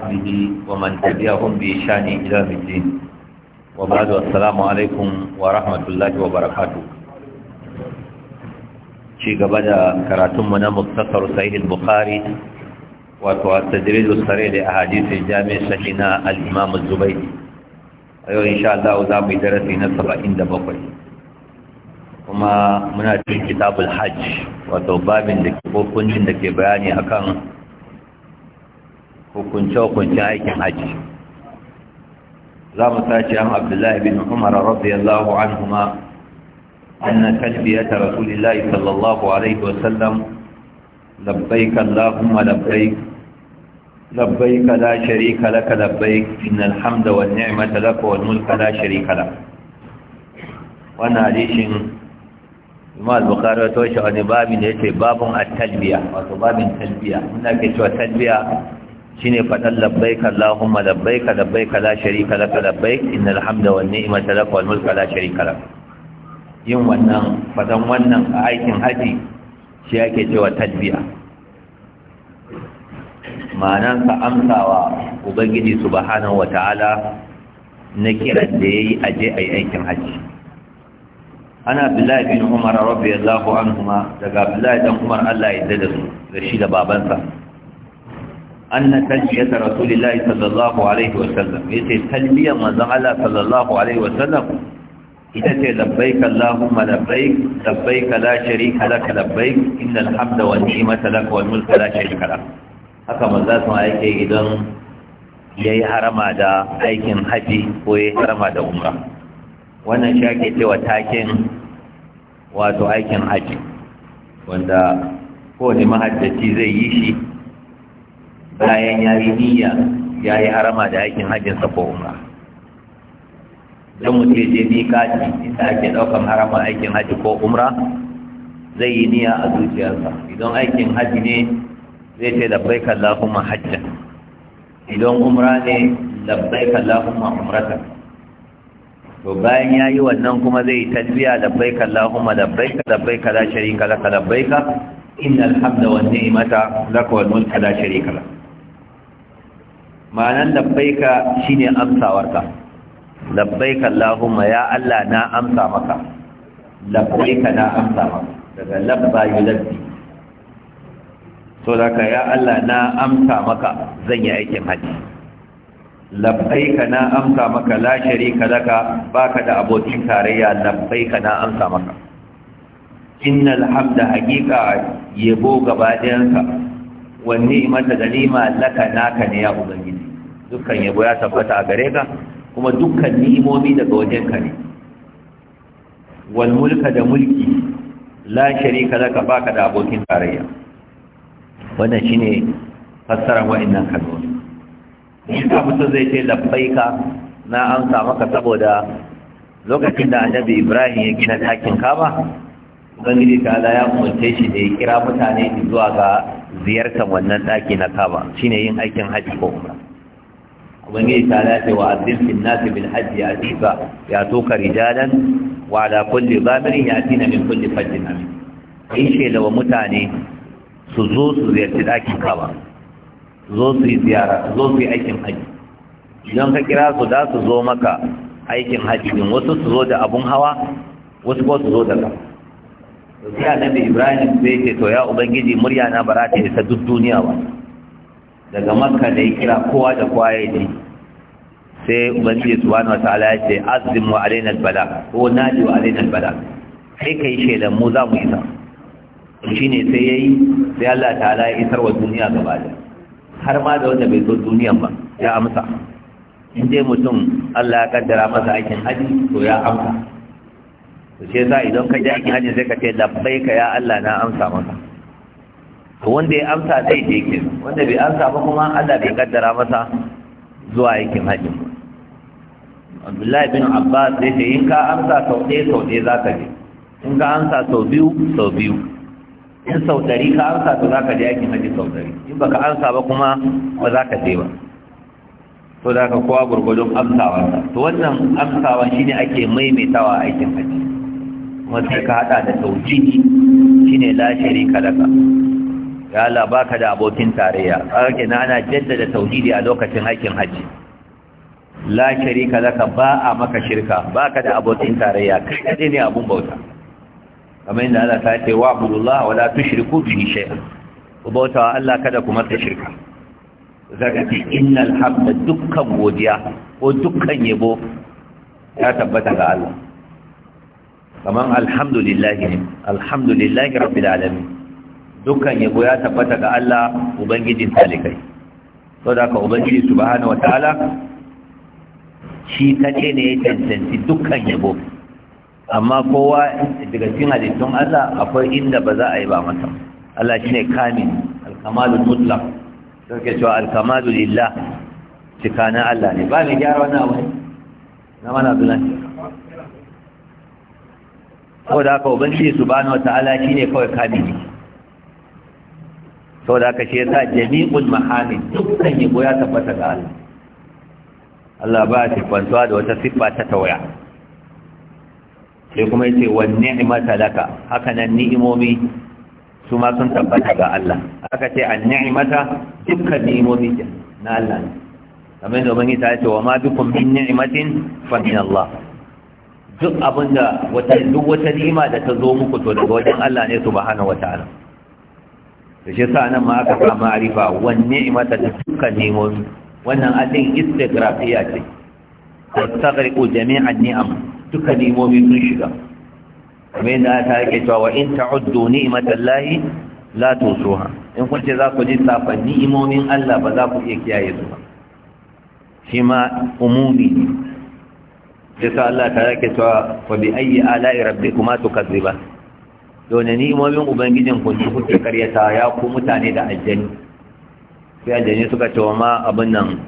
Wa mafi tabiya kumbi sha ni ilimai, jirgin ruwa? Wabar dawa salaamu alaikum wa rahmatullahi wa barakatu. Shi gaba da karatunmu na Musa ƙarsar Sayyid AlBukhari, wato wasu da dare da wasu tare da ahadisi da jami'in sasai na Al'imamin Zubairu. Yau insha'Allah za mu darasi na saba'in da bakwai. Kuma muna jin kitabul hajj wato babin da ke ko da ke bayani akan hukunce-hukunce aikin hajji za mu sace an abdullahi bin umar radiyallahu anhuma anna talbiyata rasulillahi sallallahu alaihi wasallam labbaika allahumma labbaik labbaika la sharika laka labbaik innal hamda wan ni'mata laka wal mulka la sharika lak wannan hadisin Imam al-Bukhari wato shi wani babin da yake babun a talbiya wato babin talbiya muna ke cewa talbiya Shi shine faɗan labbaika Allahumma labbaika labbaika la sharika laka labbaik innal hamda wan ni'mata laka wal mulka la sharika lak yin wannan faɗan wannan a aikin haji shi ake cewa tadbiya ma'anan ka amsawa ubangiji subhanahu wata'ala na kiran da yayi aje ai aikin haji ana abdullahi bin umar radiyallahu anhuma daga abdullahi dan umar Allah ya yarda da su da shi da babansa anna talbiyata rasulillahi sallallahu alaihi wasallam yace talbiya manzon Allah sallallahu alaihi wasallam ita ce labbaik allahumma labbaik labbaik la sharika lak labbaik innal hamda wan ni'mata lak wal mulka la sharika lak haka manzo sun aike idan yayi harama da aikin haji ko yayi harama da umra wannan shi cewa takin wato aikin haji wanda kowane mahaddaci zai yi shi bayan ya yi niyya ya yi harama da aikin hajjin sa ko umra don ce je mikati inda ake ɗaukan harama aikin hajji ko umra zai yi niyya a zuciyarsa idan aikin hajji ne zai ce labbai kallahumma hajjan idan umra ne da labbai kallahumma umrata, to bayan ya yi wannan kuma zai yi tasbiya labbai kallahumma labbai labbai la sharika bai ka inna hamda wa ni'mata laka wal mulka la sharika laka ma'anan labbaika shine amsawarka labbaika Allahumma ya Allah na amsa maka labbaika na amsa maka daga labba yulabbi so daga ya Allah na amsa maka zan yi aikin haji labbaika na amsa maka la sharika laka baka da abokin tarayya labbaika na amsa maka innal hamda haqiqa yabo gaba wani imanta ganima laka naka ne ya ubangiji dukkan yabo ya tabbata a gare ka kuma dukkan ni'imomi daga wajen ka ne wal mulka da mulki la sharika laka baka da abokin tarayya wannan shine fassara wa'annan kalmomi shi ka mutu zai ce labbaika na amsa maka saboda lokacin da annabi Ibrahim ya gina ɗakin kaba ubangiji ta ala ya umarce shi da ya kira mutane zuwa ga ziyartar wannan ɗaki na kaba shine yin aikin hajji ko umra ubangiji ta ala ya ce wa azzin fil nasi bil hajji atiba ya toka rijalan wa ala kulli zamirin yatina min kulli fajjin amin kai yi wa mutane su zo su ziyarci ɗakin kaba zo su yi ziyara zo su yi aikin hajji idan ka kira su za su zo maka aikin hajji din wasu su zo da abun hawa wasu ko su zo da kaba to sai annabi ibrahim sai ce to ya ubangiji murya na ba za ta isa duk duniya ba daga makka da ya kira kowa da kowa ya ji sai ubangiji subhanahu wataala ya ce azim wa alaina albala ko nadi wa alaina albala sai kai shaidan mu za mu isa shine sai yayi sai Allah ta'ala ya isar wa duniya gaba da har ma da wanda bai zo duniyan ba ya amsa in dai mutum Allah ya kaddara masa aikin haji to ya amsa Sai shi yasa idan ka ji aikin hajji sai ka ce ka ya Allah na amsa maka to wanda ya amsa zai je ke wanda bai amsa ba kuma Allah bai kaddara masa zuwa aikin hajji Abdullahi bin Abbas sai ce in ka amsa sau ɗaya sau ɗaya za ka je in ka amsa sau biyu sau biyu in sau ɗari ka amsa to za ka je aikin hajji sau ɗari in baka amsa ba kuma ba za ka je ba to da ka kowa gurgudun amsawa to wannan amsawa shine ake maimaitawa aikin hajji kuma sai ka hada da tauhidi shine la sharika laka ya Allah baka da abokin tarayya kake na ana jaddada tauhidi a lokacin aikin haji la sharika laka ba a maka shirka baka da abokin tarayya kai kade ne abun bauta kamar inda Allah ta ce wa abudullah wala tushriku bihi shay'an ku bauta wa Allah kada ku masa shirka zaka ce innal hamda dukkan godiya ko dukkan yabo ya tabbata ga Allah kaman alhamdulillahi ne alhamdulillahi rabbil alamin dukkan yabo ya tabbata ga Allah ubangijin talikai saboda ka ubangiji subhanahu wataala shi kace ne ya cancanci dukkan yabo amma kowa daga cikin halittun Allah akwai inda ba za a yi ba masa Allah shine kamil alkamalul mutlaq sai cewa alkamalul lillah cikana Allah ne ba ni gyara wannan abu ne na mana dunan saboda haka ubangiji subhanahu wataala ne kawai kamili saboda haka shi ya sa Jami'un mahamid dukkan yabo ya tabbata ga Allah Allah ba shi kwantuwa da wata siffa ta tawaya sai kuma yace wa ni'mata laka haka nan ni'imomi su ma sun tabbata ga Allah Haka ce an ni'mata dukkan ni'imomi na Allah ne kamar da ubangiji ta ce wa ma dukkan min ni'matin fa min Allah duk abin da wata duk wata ni'ima da ta zo muku to daga wajen Allah ne subhanahu wataala da shi sa nan ma aka sa ma'arifa wan ni'imata da dukkan ni'imomi wannan adin istigrafiya ce tastaghriqu jami'an ni'am dukkan ni'imomi sun shiga kamar yadda ta yake cewa wa in ta'uddu ni'matallahi la tusuha in kun ce za ku ji safa ni'imomin Allah ba za ku iya kiyaye su ba shi ma umumi ne sai sa Allah ta yake cewa wa bi ayyi ala'i rabbikuma tukazziban dole ni imomin ubangijin ku ne kuke karyata ya ku mutane da aljani sai aljani suka ce wa ma abin nan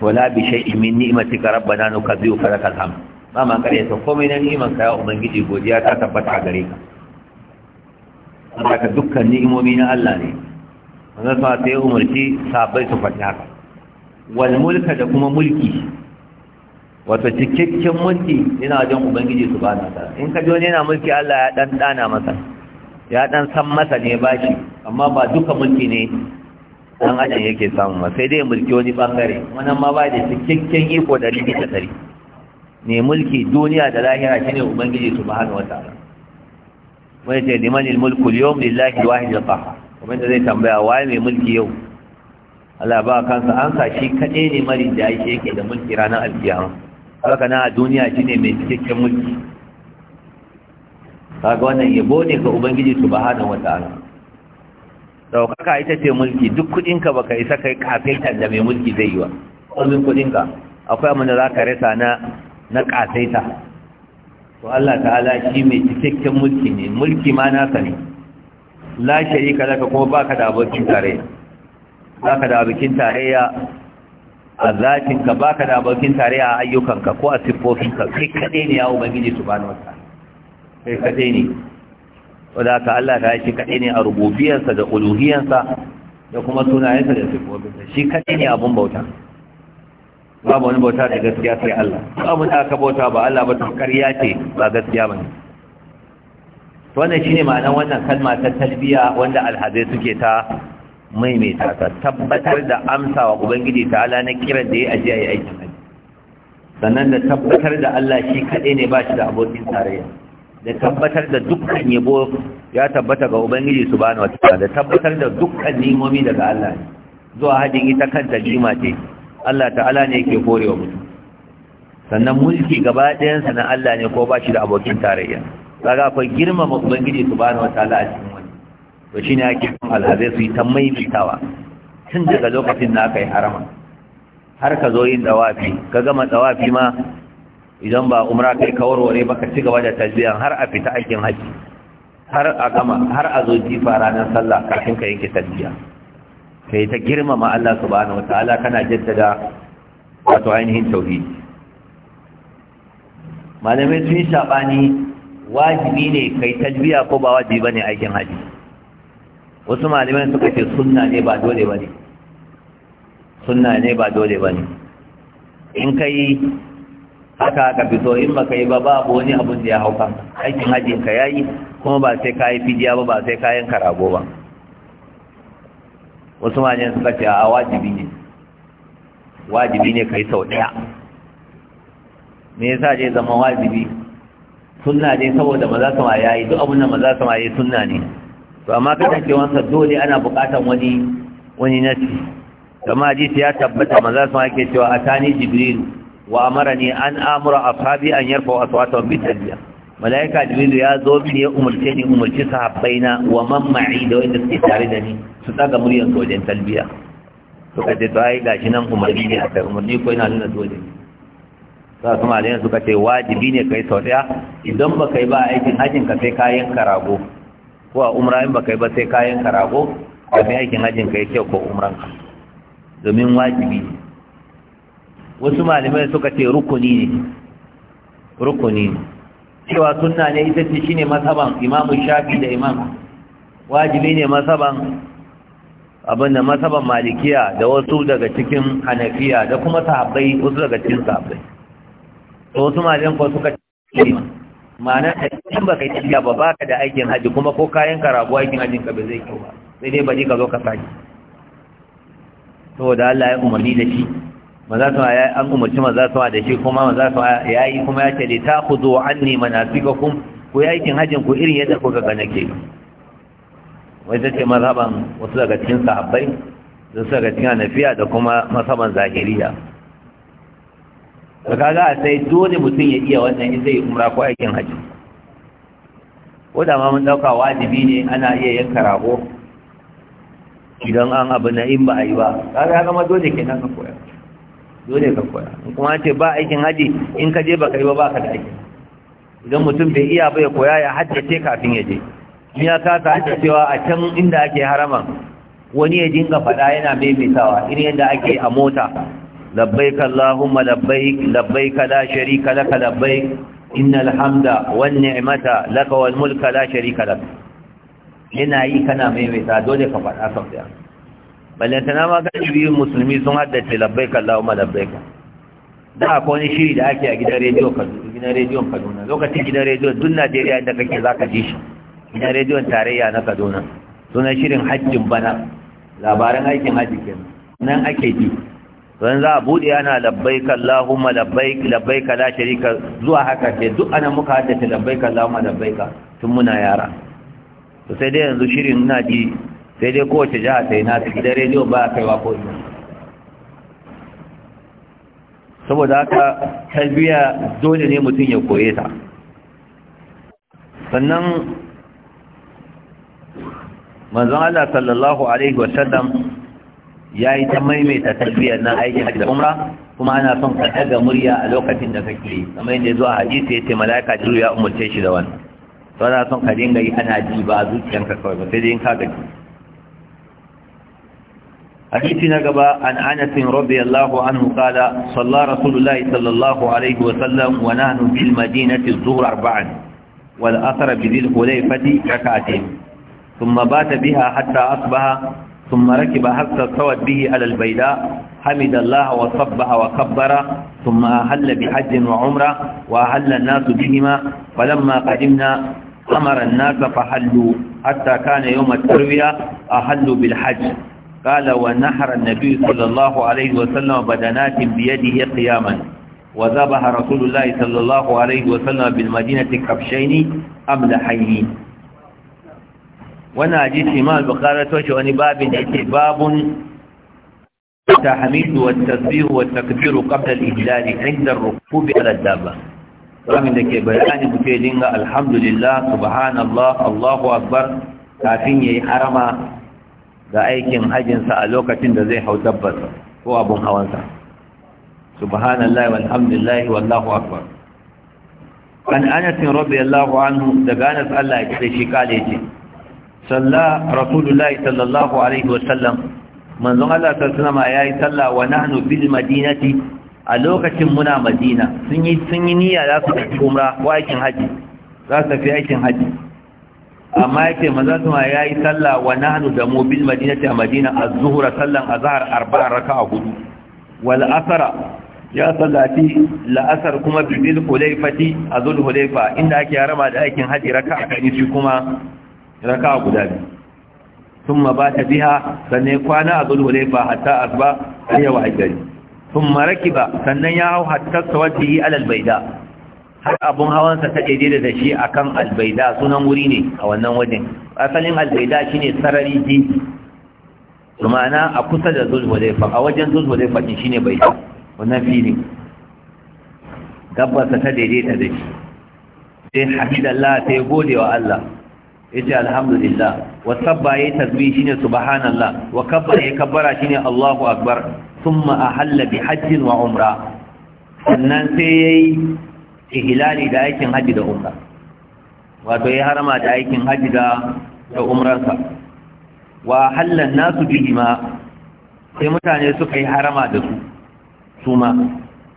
wala bi shay'in min ni'mati rabbana nukazzibu lakal alhamd ba ma karyata komai na ni'man ka ya ubangiji godiya ta tabbata gare ka haka dukkan ni'imomi na Allah ne wannan fa sai umurci sabai su faɗi haka wal mulka da kuma mulki wato cikakken mulki yana wajen ubangiji su bana ta in ka wani yana mulki Allah ya dan dana masa ya dan san masa ne ba shi amma ba duka mulki ne dan adam yake samu ba sai dai mulki wani bangare wannan ma ba da cikakken iko da rigita tare ne mulki duniya da lahira shine ubangiji subhanahu wataala wai ce liman mulku al-yawm lillahi al-wahid al-qahhar kuma da zai tambaya wai mai mulki yau Allah ba kansa an sa shi kaɗai ne mari da yake da mulki ranar alkiyama haka na a duniya shine mai cikakken mulki kaga wannan yabo ne ga ubangiji subhanahu wataala daukaka ita ce mulki duk kudinka baka isa kai kafaitar da mai mulki zai yi wa kullum kudinka akwai abin da zaka rasa na na kasaita to Allah ta'ala shi mai cikakken mulki ne mulki ma nasa ne la sharika laka kuma baka da abokin tarayya baka da abokin tarayya a zatinka ba ka da abokin tare a ayyukanka ko a siffofinka kai kaɗe ne ya ubangiji su ba wata kai kaɗe ne wadda ka Allah ta shi kaɗe ne a rububiyarsa da ƙuluhiyarsa da kuma sunayensa da siffofinsa shi kaɗe ne abin bauta babu wani bauta da gaskiya sai Allah babu ta ka bauta ba Allah ba ta ƙarya ce ba gaskiya ba ne wannan shine ma'anar wannan kalma ta talbiya wanda alhazai suke ta maimaita ta tabbatar da amsa wa ubangiji ta'ala na kiran da ya aje ya aiki sannan da tabbatar da Allah shi kaɗai ne ba shi da abokin tarayya da tabbatar da dukkan yabo ya tabbata ga ubangiji su subhanahu wataala da tabbatar da dukkan nimomi daga Allah ne zuwa hajin ita kanta jima ce Allah ta'ala ne kore korewa mutum sannan mulki gaba ɗayan na Allah ne ko ba shi da abokin tarayya kaga akwai girmama ubangiji wata wataala a cikin to shi ne ake kan alhazai su yi ta maimaitawa tun daga lokacin na aka yi harama har ka zo yin dawafi ka gama dawafi ma idan ba umra kai kawarware ba ka ci gaba da tasbiyan har a fita aikin haji har a gama har a zo jifa ranar sallah kafin ka yanke tasbiya kai ta girmama Allah subhanahu wataala kana jaddada wato ainihin tauhidi malamai sun yi sabani wajibi ne kai talbiya ko ba wajibi bane aikin haji wasu malamai suka ce sunna ne ba dole ba ne sunna ne ba dole ba ne in ka yi haka ka fito in ba ka yi ba babu wani abun da ya hau ka aikin hajjin ka ya yi kuma ba sai ka yi fidiya ba ba sai kayan karago ba wasu malamai suka ce a wajibi ne wajibi ne ka yi sau ɗaya me yasa je zama wajibi sunna ne saboda maza sama yayi duk abun da maza sama yayi sunna ne to amma wansa, dole ana bukatan wani wani nasi kama hadisi ya tabbata maza su yake cewa atani jibril wa amarani an amura ashabi an yarfa aswatahum bi talbiya malaika jibril ya zo bi ya umurce ni umurci sahabbaina wa man ma'i da wanda suke tare da ni su tsaga muryan wajen talbiya to kace to ai gashi nan umarni ne akai umarni ko ina nuna dole sa kuma alayhi suka ce wajibi ne kai sau idan ba kai ba aikin hajin ka sai kayan karago ko a umra in baka yi ba sai kayan ka rago kafin aikin hajjin ka ya kyau ko umran ka domin wajibi ne wasu malamai suka ce rukuni ne rukuni ne cewa sunna ne ita ce shine masaban imamu shafi da imam wajibi ne masaban abin da masaban malikiya da wasu daga cikin hanafiya da kuma sahabbai wasu daga cikin sahabbai wasu malamai suka ce ma'ana in baka yi tafiya ba ka da aikin haji kuma ko kayan ka rabu aikin hajin ka bai zai kyau ba sai dai baji ka zo ka sake saboda Allah ya umarni da shi maza su ya an umarci maza su da shi kuma maza su ya yi kuma ya ce da ta ku zo an ne manasikakum ku yi aikin hajin ku irin yadda kuka ga nake wai ta ce mazhaban wasu daga cikin sahabbai da su daga cikin hanafiya da kuma mazhaban zahiriya to kaga sai dole mutum ya iya wannan ya zai umra ko aikin hajji ko da ma mun dauka wajibi ne ana iya yanka rago idan an abu na in ba a yi ba kaga ya zama dole nan ka koya dole ka koya kuma ce ba aikin hajji in ka je baka yi ba baka da aiki idan mutum bai iya ba ya koya ya haddace kafin ya je in ya kasa haddacewa a can inda ake haraman wani ya dinga faɗa yana maimaitawa irin yadda ake a mota لبيك اللهم لبيك لبيك لا شريك لك لبيك إن الحمد والنعمة لك والملك لا شريك لك yana yi kana maimaita dole ka faɗa sau ɗaya ballantana ma galibi musulmi sun haddace labbai kallahu ma labbai ka da akwai shiri da ake a gidan rediyo rediyon kaduna lokacin gidan rediyo duk najeriya inda kake za ka ji shi gidan rediyon tarayya na kaduna sunan shirin hajjin bana labaran aikin hajji kenan nan ake ji ran za a buɗe ana labbaik Allahumma labbaik la sharika zuwa haka ce duk ana muka haddace labbaik Allahumma labbaik tun muna yara to sai dai yanzu shirin na ji sai dai kowace jiha sai na fi da rediyon ba a kaiwa ko ina saboda haka talbiya dole ne mutum ya koye ta sannan manzon Allah sallallahu alaihi wasallam ya yi ta maimaita talbiyar na aikin hajji da umra kuma ana son ka daga murya a lokacin da kake yi kamar yadda zuwa hadisi ya ce mala'ika jiru ya umurce shi da wannan to ana son ka dinga yi ana ji ba zuciyanka kawai ba sai dai in ka gaji حديث نقبة عن أنس رضي الله عنه قال صلى رسول الله صلى الله عليه وسلم ونحن بالمدينة الظهر أربعا والأثر بذي الخليفة ركعتين ثم بات بها حتى أصبح ثم ركب حتى استوت به على البيداء حمد الله وصبح وكبر ثم أهل بحج وعمرة وأهل الناس بهما فلما قدمنا أمر الناس فحلوا حتى كان يوم التروية أهلوا بالحج قال ونحر النبي صلى الله عليه وسلم بدنات بيده قياما وذبح رسول الله صلى الله عليه وسلم بالمدينة كبشين أملحين Wani hadisi ma al-bukhari to wani babin da yake babun tahmid wa tasbihu, wa takbir qabla al-ijlal inda ar-rukub ala ad-dabba babin da ke bayani mutum dinga alhamdulillah subhanallah allahu akbar kafin yayi harama ga aikin hajjinsa a lokacin da zai hau tabbas ko abun hawansa Subhanallah; walhamdulillahi wallahu akbar an anas radiyallahu anhu daga anas Allah ya kike shi kale ce salla rasulullahi sallallahu alaihi wasallam manzon Allah sallallahu alaihi yayi salla wa nahnu bil madinati a lokacin muna madina sun yi sun yi niyya za su tafi umra ko aikin haji za su tafi aikin haji amma yake manzon Allah yayi salla wa nahnu da mu bil madinati a madina az-zuhra sallan azhar arba'a raka'a hudu wal asra ya sallaci la'asar kuma bidil hulaifati Azul, zul hulaifa inda ake harama da aikin haji raka'a kan shi kuma raka guda biyu ثم بات ba فنيقوانا yawa الهليفة حتى أصبح هي وحجري sannan ya hau hatta سوته yi alalbaida. har abun hawansa ta daidai da shi akan albaida sunan wuri ne a wannan wajen asalin albaida shine sarari jinki ma'ana a kusa da zulhulaifa a wajen zulhulaifa din shine baida wannan fili dabbarsa ta daidaita da shi sai hamidallah sai gode wa Allah yace alhamdulillah wa sabbaye yayi tasbih shine subhanallah wa kabbara ya kabbara shine Allahu akbar thumma ahalla bi hajj wa umra sannan sai yayi ihlali da aikin haji da umra wato ya harama da aikin haji da da umransa wa ahalla nasu bihima sai mutane suka yi harama da su suma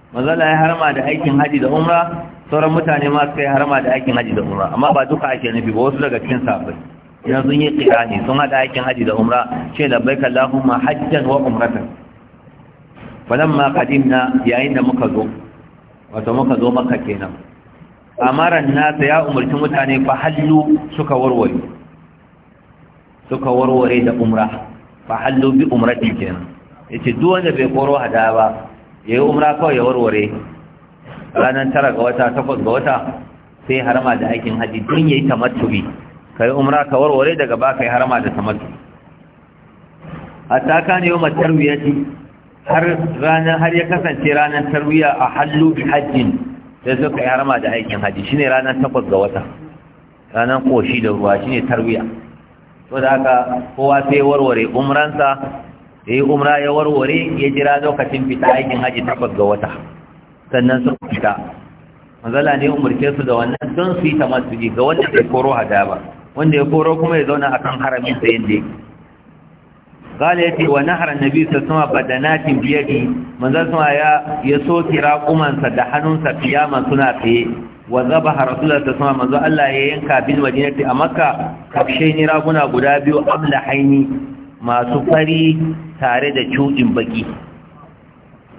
mazala ya harama da aikin haji da umra sauran mutane ma suka yi harma da aikin haji da umra amma ba duka ake nufi ba wasu daga cikin sahabbai idan sun yi kirani sun hada aikin haji da umra ce labbaik allahumma hajjan wa umratan ma kadim na yayin da muka zo wato muka zo maka kenan amaran nasa ya umarci mutane fa hallu suka warware suka warware da umra fa hallu bi umrati kenan yace duk wanda bai koro hada ba yayi umra kawai ya warware ranar tara ga wata takwas ga wata sai harama da aikin haji don yayi Ka yi umra ka warware daga ba ka yi harama da tamattu A taka ne tarwiyati har ranar har ya kasance ranar tarwiya a hallu bi hajjin sai ka yi harama da aikin haji ne ranar takwas ga wata ranar koshi da ruwa ne tarwiya to da haka kowa sai warware umransa yi umra ya warware ya jira lokacin fita aikin haji takwas ga wata sannan sun fita mazala ne umarke su da wannan don su yi ta masu ji ga wanda ya koro hada ba wanda ya koro kuma ya zauna a kan haramin sa yin dai gala ya ce wa nahara na biyu sa suma ba da natin biyadi manzan suma ya ya so ki raƙumansa da hannunsa kiyama suna tsaye wa zaba har rasulullah ta suma manzo Allah ya yanka bil madinati a makka kafshe ni raguna guda biyu amla haini masu fari tare da cuɗin baki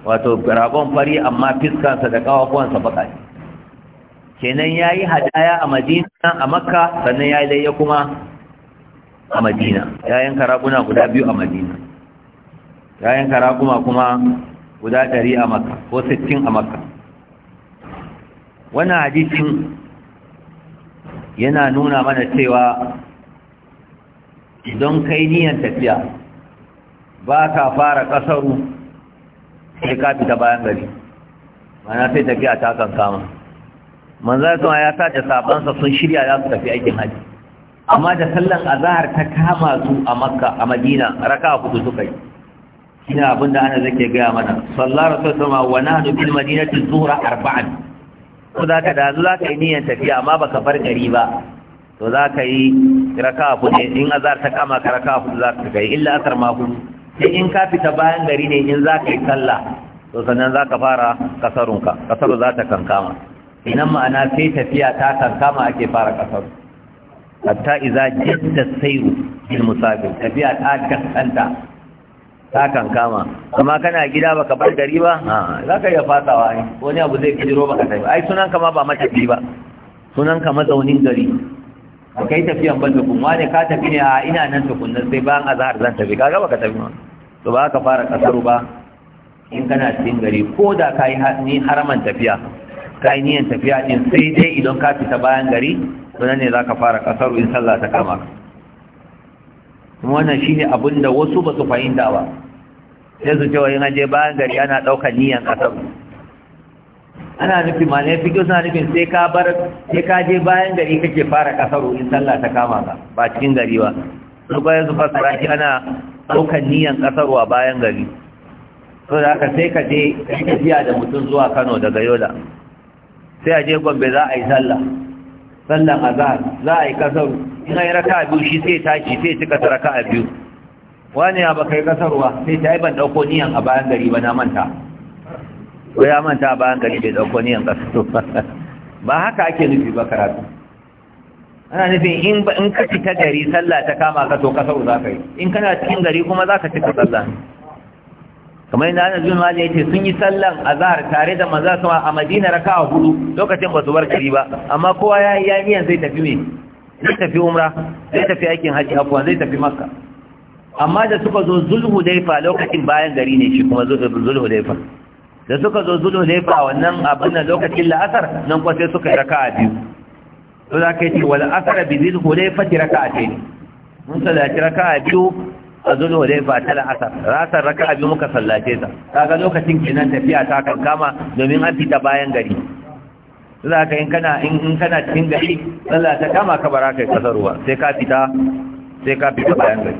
wato ragon fari amma fiskansa da kawafuwansa baka ne kenan ya yi hadaya a madina a makka sannan ya yi laye kuma a madina ya yanka raguna guda biyu a madina ya yanka raguna kuma guda ɗari a makka ko sittin a makka wannan hadisin yana nuna mana cewa don kai niyan tafiya ba ka fara ƙasaru sai ka fita bayan gari mana sai tafiya ta takan kama manzan sun ya sa da sabansa sun shirya za su tafi aikin haji amma da sallan azahar ta kama su a makka a madina raka kudu suka yi ina abin da ana zake gaya mana sallar rasul sama wa nahnu bil madinati zuhra arba'an ko za ka da za ka yi niyyar tafiya amma baka bar gari ba to za ka yi raka kudu in azahar ta kama ka raka kudu za ka yi illa asar ma hudu sai in ka fita bayan gari ne in za ka yi sallah to sannan za ka fara kasarunka kasaru za ta kankama inan ma'ana sai tafiya ta kankama ake fara kasar hatta iza jidda sairu bil musafir tafiya ta kankanta ta kankama amma kana gida baka bar gari ba za ka iya fatawa ne wani abu zai kiro baka sai ai sunan ma ba matafi ba sunan ka mazaunin gari ba kai tafiyan ban tukun wani ka tafi ne a ina nan tukun nan sai bayan azahar zan tafi kaga gaba ka tafi ma to ba ka fara kasar ba in kana cikin gari ko da ka yi ni haraman tafiya ka yi niyan tafiya din sai dai idan ka fita bayan gari to nan ne za ka fara kasar in sallah ta kama ka kuma wannan shine abin da wasu ba su fahimta ba sai su ce wa yin aje bayan gari ana ɗaukar niyan kasar ana nufi malamai kyau suna nufin sai ka bar sai ka je bayan gari kake fara kasaro in sallah ta kama ka ba cikin gari ba su bayan su fasara shi ana ɗaukan niyan kasaro a bayan gari so da haka sai ka je ka jiya da mutum zuwa kano daga yola sai a je gombe za a yi sallah sallan azhar za a yi kasaro in yi raka biyu shi sai tashi sai cika ta raka biyu wani ya ba kai kasarwa sai ta yi ban ɗauko niyan a bayan gari ba na manta ko ya manta ba an gari bai dauko niyan kasu ba haka ake nufi ba karatu ana nufin in in ka fita gari sallah ta kama ka to sau za ka yi in kana cikin gari kuma za ka cika sallah kamar yadda ana zuwa mali yace sun yi sallan azhar tare da maza sama a Madina a hudu lokacin ba su bar gari ba amma kowa ya yi yamiyan zai tafi me zai tafi umra zai tafi aikin haji afwan zai tafi makka amma da suka zo zulhu daifa lokacin bayan gari ne shi kuma zulhu daifa da suka zo zulu ne ba wannan abin da lokacin la'asar nan kwa sai suka raka a biyu to za ka yi ce wani asara bi zil dai fati raka a ce ne mun sallaci raka a biyu a zulu ba ta la'asar rasar raka a biyu muka sallace ta ga lokacin kenan tafiya ta kan kama domin an fita bayan gari za ka in kana in kana cikin gari sallah ta kama ka bara kai ruwa sai ka fita sai ka fita bayan gari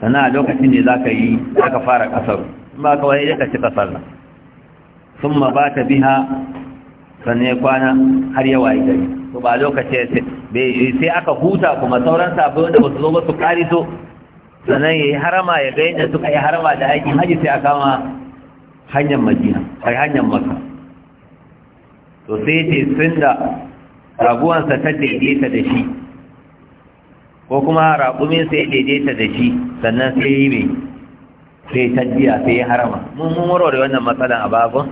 sannan a lokacin ne za ka yi za ka fara ruwa ba ka wani ka cika nan. sun ma ba ta biha sannan ya kwana har yawa yi gari to ba ce sai aka huta kuma sauran sabbin wanda ba su zo ba su kariso sannan ya yi harama ya ga yadda suka yi harama da aiki, haji sai a kama hanyar madina a hanyar maka to sai ce sun da raguwansa ta daidaita da shi ko kuma raƙumin ya daidaita da shi sannan sai yi mai sai ta sai ya harama mun mun warware wannan matsalan a babun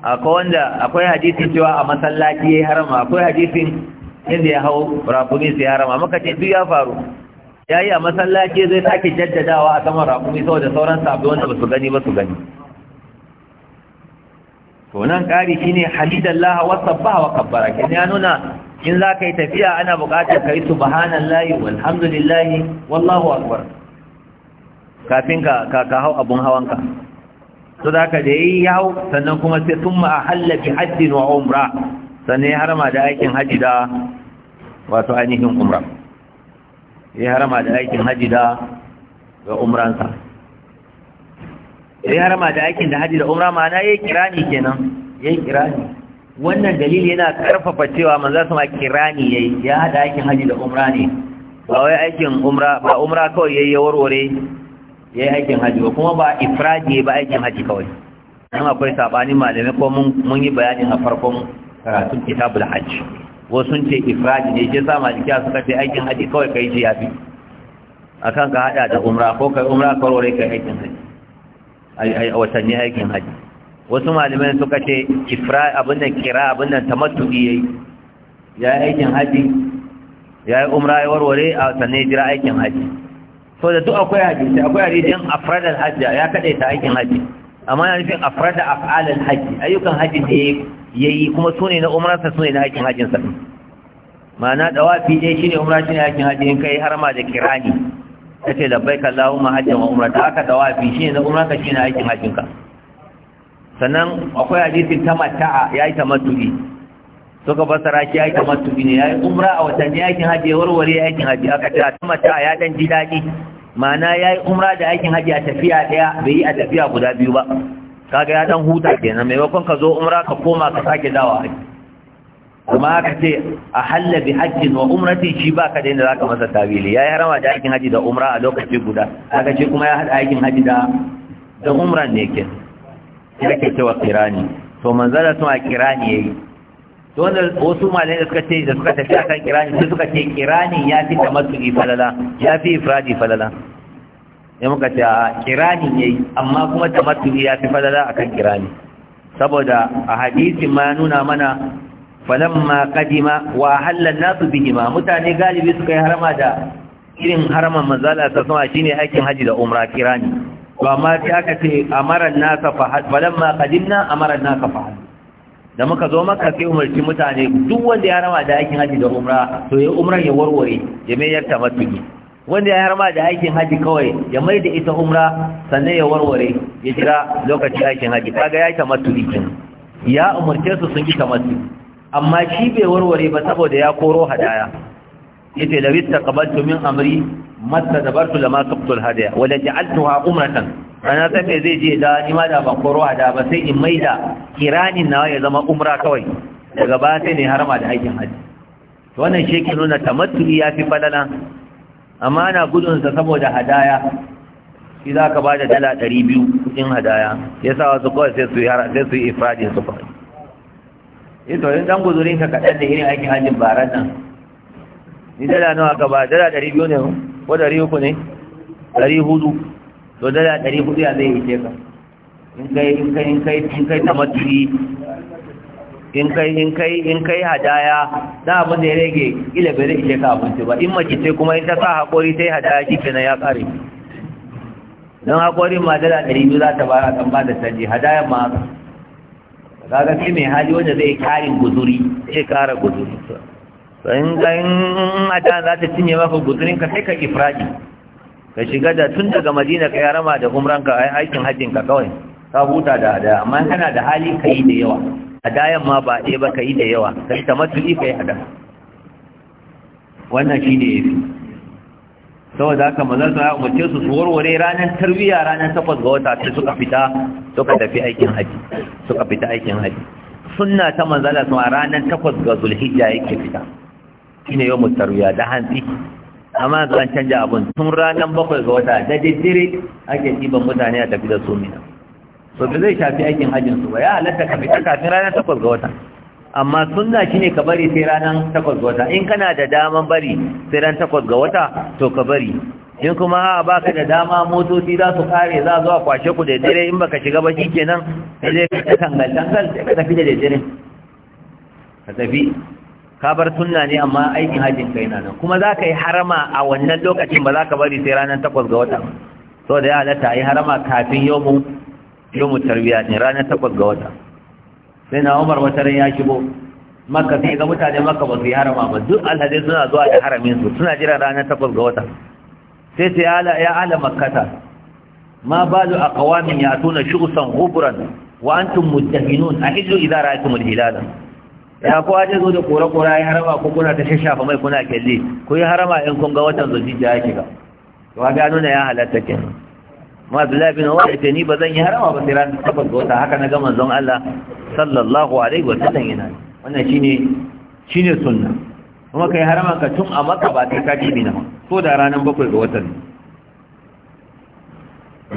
akwai wanda akwai hadisin cewa a masallaci ya harama akwai hadisin inda ya hau rafuni sai harama muka ce duk ya faru ya yi a masallaci zai sake jaddadawa a saman rafuni saboda sauran sabbi wanda ba su gani ba su gani to nan ƙari shine halidallaha wa sabbaha wa kabbara kin ya nuna in za ka yi tafiya ana buƙatar ka yi subhanallahi walhamdulillahi wallahu akbar kafin ka ka hau abun hawanka to da ka da yi ya hau sannan kuma sai sun ma ahalla bi hajjin wa umra sannan ya harama da aikin haji da wato ainihin umra ya harama da aikin haji da ga umransa ya harama da aikin da haji da umra ma'ana yi kirani kenan yi kirani wannan dalili yana karfafa cewa manzo ma kirani yayi ya hada aikin haji da umra ne ba wai aikin umra ba umra kawai yayi warware ya yi aikin haji ba kuma ba yi ba aikin haji kawai nan akwai saɓani malamai ko mun yi bayanin a farkon karatun kitabul hajji wasu sun ce ifiraji ne shi sa a suka ce aikin haji kawai kai shi yafi akan ka haɗa da umra ko kai umra karore kai aikin haji a watanni aikin haji wasu malamai suka ce ifra abin da kira abin da ya yi ya yi aikin haji ya yi umra ya warware a sannan jira aikin haji so da duk akwai hadisi akwai hadisin afradal hajja ya kaɗai ta aikin hajji amma yana nufin afrada af'alal hajji ayyukan hajji da yayi kuma sune na umrarsa sune na aikin hajjin sa ma'ana dawafi dai shine umra shine aikin hajji in kai harma da kirani kace labbaik allahumma hajjan wa umra haka dawafi shine na umrarka shine aikin hajjin ka sannan akwai hadisin tamatta'a yayi tamattu'i suka fasara shi aikin matubi ne ya yi umra a watanni aikin hajji ya warware aikin hajji aka ce a tamata ya dan ji daɗi ma'ana ya yi umra da aikin hajji a tafiya ɗaya bai yi a tafiya guda biyu ba kaga ya dan huta kenan maimakon ka zo umra ka koma ka sake dawa hajji kuma aka ce a halla bi hajjin wa umratin shi ba ka da za ka masa tabili ya yi harama da aikin hajji da umra a lokaci guda aka ce kuma ya haɗa aikin hajji da da umran ne ke ya ke cewa kirani to manzala sun a kirani ya yi to wannan wasu malai da suka ce da suka tafi akan kirani sai suka ce kirani ya fi tamattu'i falala ya fi ifradi falala ya muka ce a kirani yi amma kuma tamattu'i ya fi falala akan kirani saboda a hadisi ma nuna mana ma kadima wa halalla nasu bihima mutane galibi suka yi harama da irin haraman manzala ta sama shine aikin haji da umra kirani to amma sai aka ce amaran nasa fa ma kadimna amaran nasa fa da muka zo maka sai umarci mutane duk wanda ya rama da aikin haji da umra to ya umran ya warware ya mai ta matuki wanda ya rama da aikin haji kawai ya mai da ita umra sannan ya warware ya jira lokacin aikin haji kaga ya ta matuki. kin ya umarce su sun yi matuki. amma shi bai warware ba saboda ya koro hadaya yace la bitta qabaltu min amri matta dabartu lama qabtul hadaya wa la ja'altuha umratan ana san me zai je da ni ma da ban koro da ba sai in maida kiranin nawa ya zama umra kawai daga ba sai ne harama da aikin haji wannan sheki nuna tamattu'i ya fi falala amma ana gudunsa saboda hadaya shi za ka ba da dala ɗari biyu kuɗin hadaya ya sa wasu kawai sai su yi sai su yi ifradin su kawai ito eh yin ɗan guzurin ka kaɗan da irin aikin hajjin baran nan ni dala nawa ka ba dala ɗari biyu ne ko ɗari uku ne ɗari hudu to dala ɗari hudu ya zai ishe ka in kai in kai in kai in kai in kai in kai in kai hadaya da abin da ya rage ila bai zai ishe ka abinci ba in mace ce kuma in ta sa haƙori sai hadaya shi kenan ya ƙare don haƙorin ma dala ɗari biyu za ta a kan ba da canji hadaya ma haka ga sai mai hali wanda zai karin guzuri zai kara guzuri to in ga in za ta cinye maka guzurin ka sai ka ifradi ka shiga da tun daga madina ka yarama da umranka ai aikin hajjin ka kawai ka huta da da amma kana da hali ka yi da yawa hadayan ma ba ɗaya ba ka yi da yawa ka ta tamattuɗi ka yi hadaya wannan shi ne ya fi saboda haka manzon sa ya umarce su su warware ranar tarbiyya ranar takwas ga wata sai suka fita suka tafi aikin haji suka fita aikin haji sunna ta manzala sun a ranar takwas ga zulhijja yake fita shine yau mu tarbiya da hantsi amma yanzu an canja abun tun ranar bakwai ga wata da daddare ake ɗiban mutane a tafi da su mina so ba zai shafi aikin hajjin su ba ya halatta ka fita kafin ranar takwas ga wata amma sunna ne ka bari sai ranar takwas ga wata in kana da daman bari sai ranar takwas ga wata to ka bari in kuma a baka da dama motoci za su kare za zuwa kwashe ku da dare in baka shiga ba shikenan sai ka tangal tangal sai ka tafi da dare ka tafi ka bar sunna ne amma aikin hajjin kai na nan kuma za ka yi harama a wannan lokacin ba za ka bari sai ranar takwas ga wata so da ya halatta yi harama kafin yau mu tarbiya ne ranar takwas ga wata sai na umar wata ran ya shigo makka sai ga mutane makka ba su yi harama ba duk alhaji suna zuwa da haramin su suna jiran ranar takwas ga wata sai sai ya ala makkata ma balu aqwamin yatuna shughsan ghubran wa antum muttahinun ahillu idza ra'aytumul hilala ya kowa zai zo da kore-kore ya harama ko kuna ta shashafa mai kuna kelle ko yi harama in kun ga watan zulhijja ya shiga wa gano na ya halatta ke ma Abdullahi na wani ita ni ba zan yi harama ba sai ran takwas ga wata haka na gama zon Allah sallallahu alaihi wa sallan yana wannan shine shine sunna kuma kai harama ka tun a maka ba ta kaji bi na ko da ranar bakwai ga watan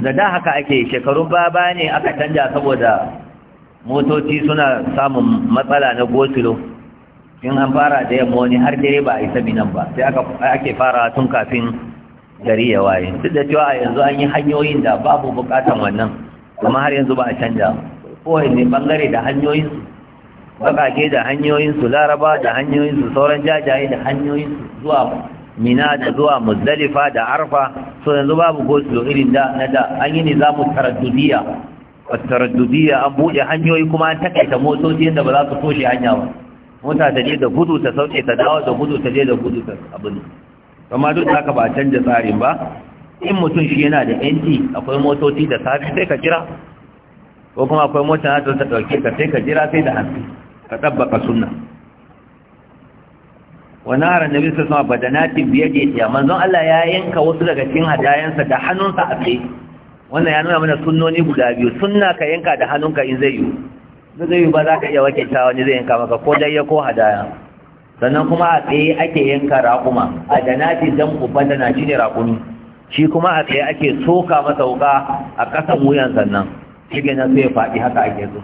da da haka ake shekarun baba ne aka canja saboda motoci suna samun matsala na gosilo in an fara da yamma wani har dare ba a isa minan ba sai ake fara tun kafin gari ya waye duk da cewa yanzu an yi hanyoyin da babu bukatan wannan kuma har yanzu ba a canja kowane bangare da hanyoyinsu bakake da hanyoyinsu laraba da hanyoyinsu sauran jajaye da su zuwa mina da zuwa muzdalifa da arfa so yanzu babu gosilo irin da na da an yi nizamu taraddudiyya taraddudiyya an buɗe hanyoyi kuma an takaita motoci yadda ba za su toshe hanya ba mota ta je da gudu ta sauke ta dawo da gudu ta je da gudu ta abin amma duk da haka ba a canja tsarin ba in mutum shi yana da yanci akwai motoci da safi sai ka jira ko kuma akwai mota na ta ɗauke ka sai ka jira sai da hannu ka tabbaka sunna wani hara na bisa sama badanatin biyar da ya manzon Allah ya yanka wasu daga cikin hadayensa da hannunsa a tsaye wannan ya nuna mana sunnoni guda biyu sunna ka yanka da hannunka in zai yi ba zai yi ba za ka iya wake ta wani zai yanka maka ko dai ya ko hadaya sannan kuma a tsaye ake yanka raƙuma a janati dan uban na shi ne raƙumi shi kuma a tsaye ake soka masa wuka a ƙasan wuyan sannan shi ke sai ya faɗi haka ake so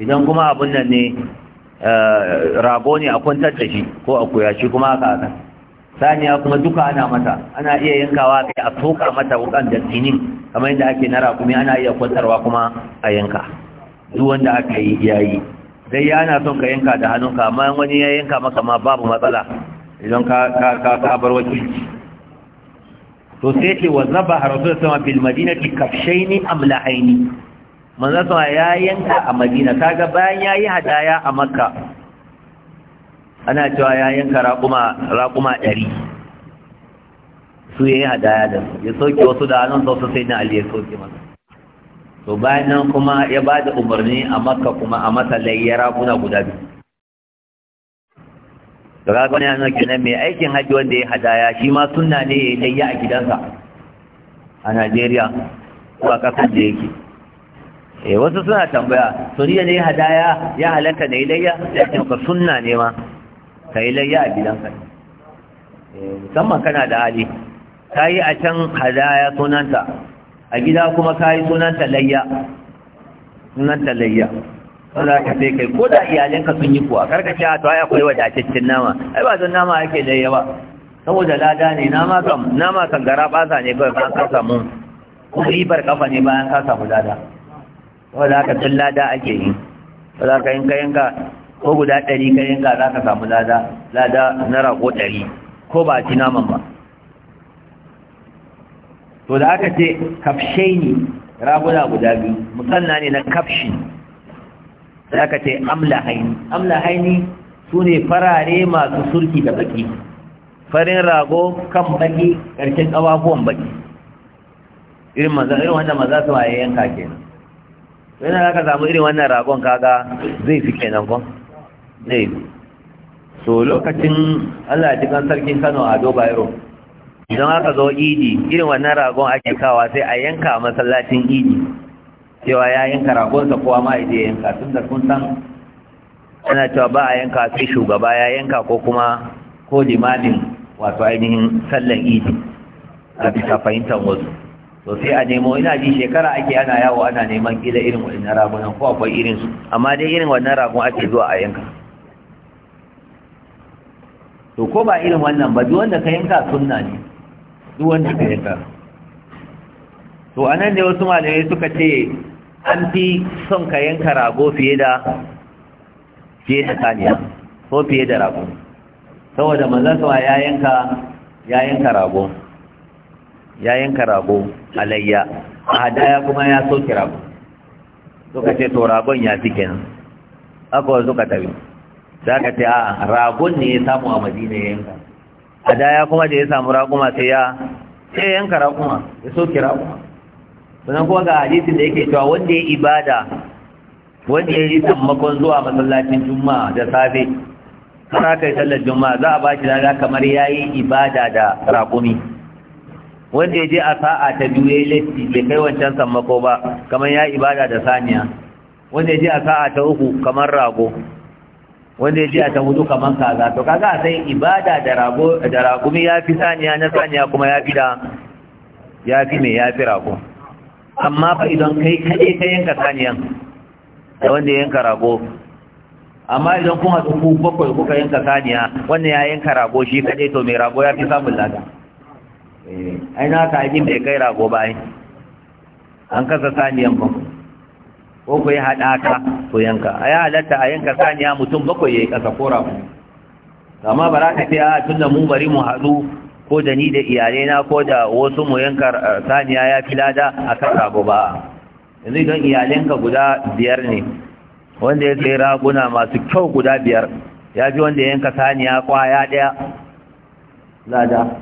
idan kuma abun nan ne eh, rago ne a kwantar da shi ko a koya shi kuma haka haka saniya kuma duka ana mata ana iya yankawa kai a soka mata wukan da tinin kamar yadda ake na kuma ana iya kwantarwa kuma a yanka duk wanda aka yi yayi dai ya ana son ka yanka da hannunka amma wani ya yanka maka ma babu matsala idan ka ka ka bar waki. to sai ke wa zaba rasul sama bil madinati kafshaini amlahaini manzo ya yanka a madina kaga bayan yayi hadaya a makka ana cewa ya yanka raƙuma ɗari su ya yi hadaya da su ya soke wasu da hannun sau sai na ali ya soke masa to bayan nan kuma ya ba da umarni a makka kuma a masa layyar raƙuna guda biyu da kaga wani yana kenan mai aikin hajji wanda ya hadaya shi ma suna ne ya yi layya a gidansa a najeriya ko a ƙasar da yake eh wasu suna tambaya suriya ni ne hadaya ya halatta ne layya da ka sunna ne ma ka yi layya a gidanka eh, musamman kana da hali ka yi a can hadaya sunanta a gida kuma ka yi sunanta layya sunanta layya wanda aka sai kai ko da iyalinka sun yi kuwa ka ce to ai akwai wadataccen nama ai ba don nama ake layya ba saboda lada ne nama kan nama kan gara basa ne kawai ba ka samu kuma ribar kafa ne bayan ka samu lada wanda aka tun lada ake yi wanda ka yin ka yanka ko guda ɗari ka yanka za ka samu lada lada na rago ɗari ko ba ci naman ba to da aka ce kafshai ne raguna guda biyu musamman ne na kafshi da aka ce amla haini amla haini su ne farare masu surki da baki farin rago kan baki ƙarshen ƙawafuwan baki irin wanda maza su waye yanka kenan wani za ka samu irin wannan ragon kaga zai fi kenan kuma zai so lokacin allah kan sarkin kano a Bayero. idan aka zo idi irin wannan ragon ake kawa sai a yanka a masallacin idi cewa ya yanka ragonsa kowa ma ya yanka tun da kun san ana cewa ba a yanka sai shugaba ya yanka ko kuma ko limamin wato ainihin sallan idi a bisa fahimtar wasu to sai a nemo ina ji shekara ake ana yawo ana neman kila irin wannan ragunan ko akwai irinsu amma dai irin wannan ragon ake zuwa a yanka to ko ba irin wannan ba duk wanda ka yanka sunna ne duk wanda ka yanka to anan ne wasu malamai suka ce an fi son ka yanka rago fiye da fiye da saniya ko fiye da rago saboda manzon sa ya yanka ya yanka rago ya yanka rago alayya a hadaya kuma ya soke rago suka ce to ragon ya fi kenan aka wasu ka tabi za ka ce a ragon ne ya samu a madina ya yanka a daya kuma da ya samu raguma sai ya sai yanka raguma ya soke raguma sannan kuma ga hadisin da yake cewa wanda ya ibada wanda ya yi sammakon zuwa masallacin juma'a da safe har kai sallar juma'a za a ba shi lada kamar ya yi ibada da raƙumi wanda ya je a sa'a ta biyu ya yi laifi bai kai wancan sammako ba kamar ya yi ibada da saniya wanda ya je a sa'a ta uku kamar rago wanda ya ce a ta hudu kamar kaza to kaga sai ibada da rago da ragumi ya fi saniya na saniya kuma ya fi da ya fi mai ya fi rago amma fa idan kai kaɗai ka yanka saniyan da wanda ya yanka rago amma idan kuma su ku bakwai kuka yanka saniya wannan ya yanka rago shi kaɗai to mai rago ya fi samun lada eh, ai na ka yi mai kai rago ba ai an kasa saniyan bakwai ko ku yi haɗaka ku yanka a yi halatta a yanka saniya mutum bakwai ya yi ƙasa ko rabu amma ba za ka ce a ah, tun da mu bari mu haɗu ko da ni da iyalai na ko da wasu mu yanka eh, saniya ya fi lada a kan rabu ba yanzu idan iyalinka guda biyar ne wanda ya sai raguna masu kyau guda biyar ya fi wanda ya yanka saniya kwaya ɗaya lada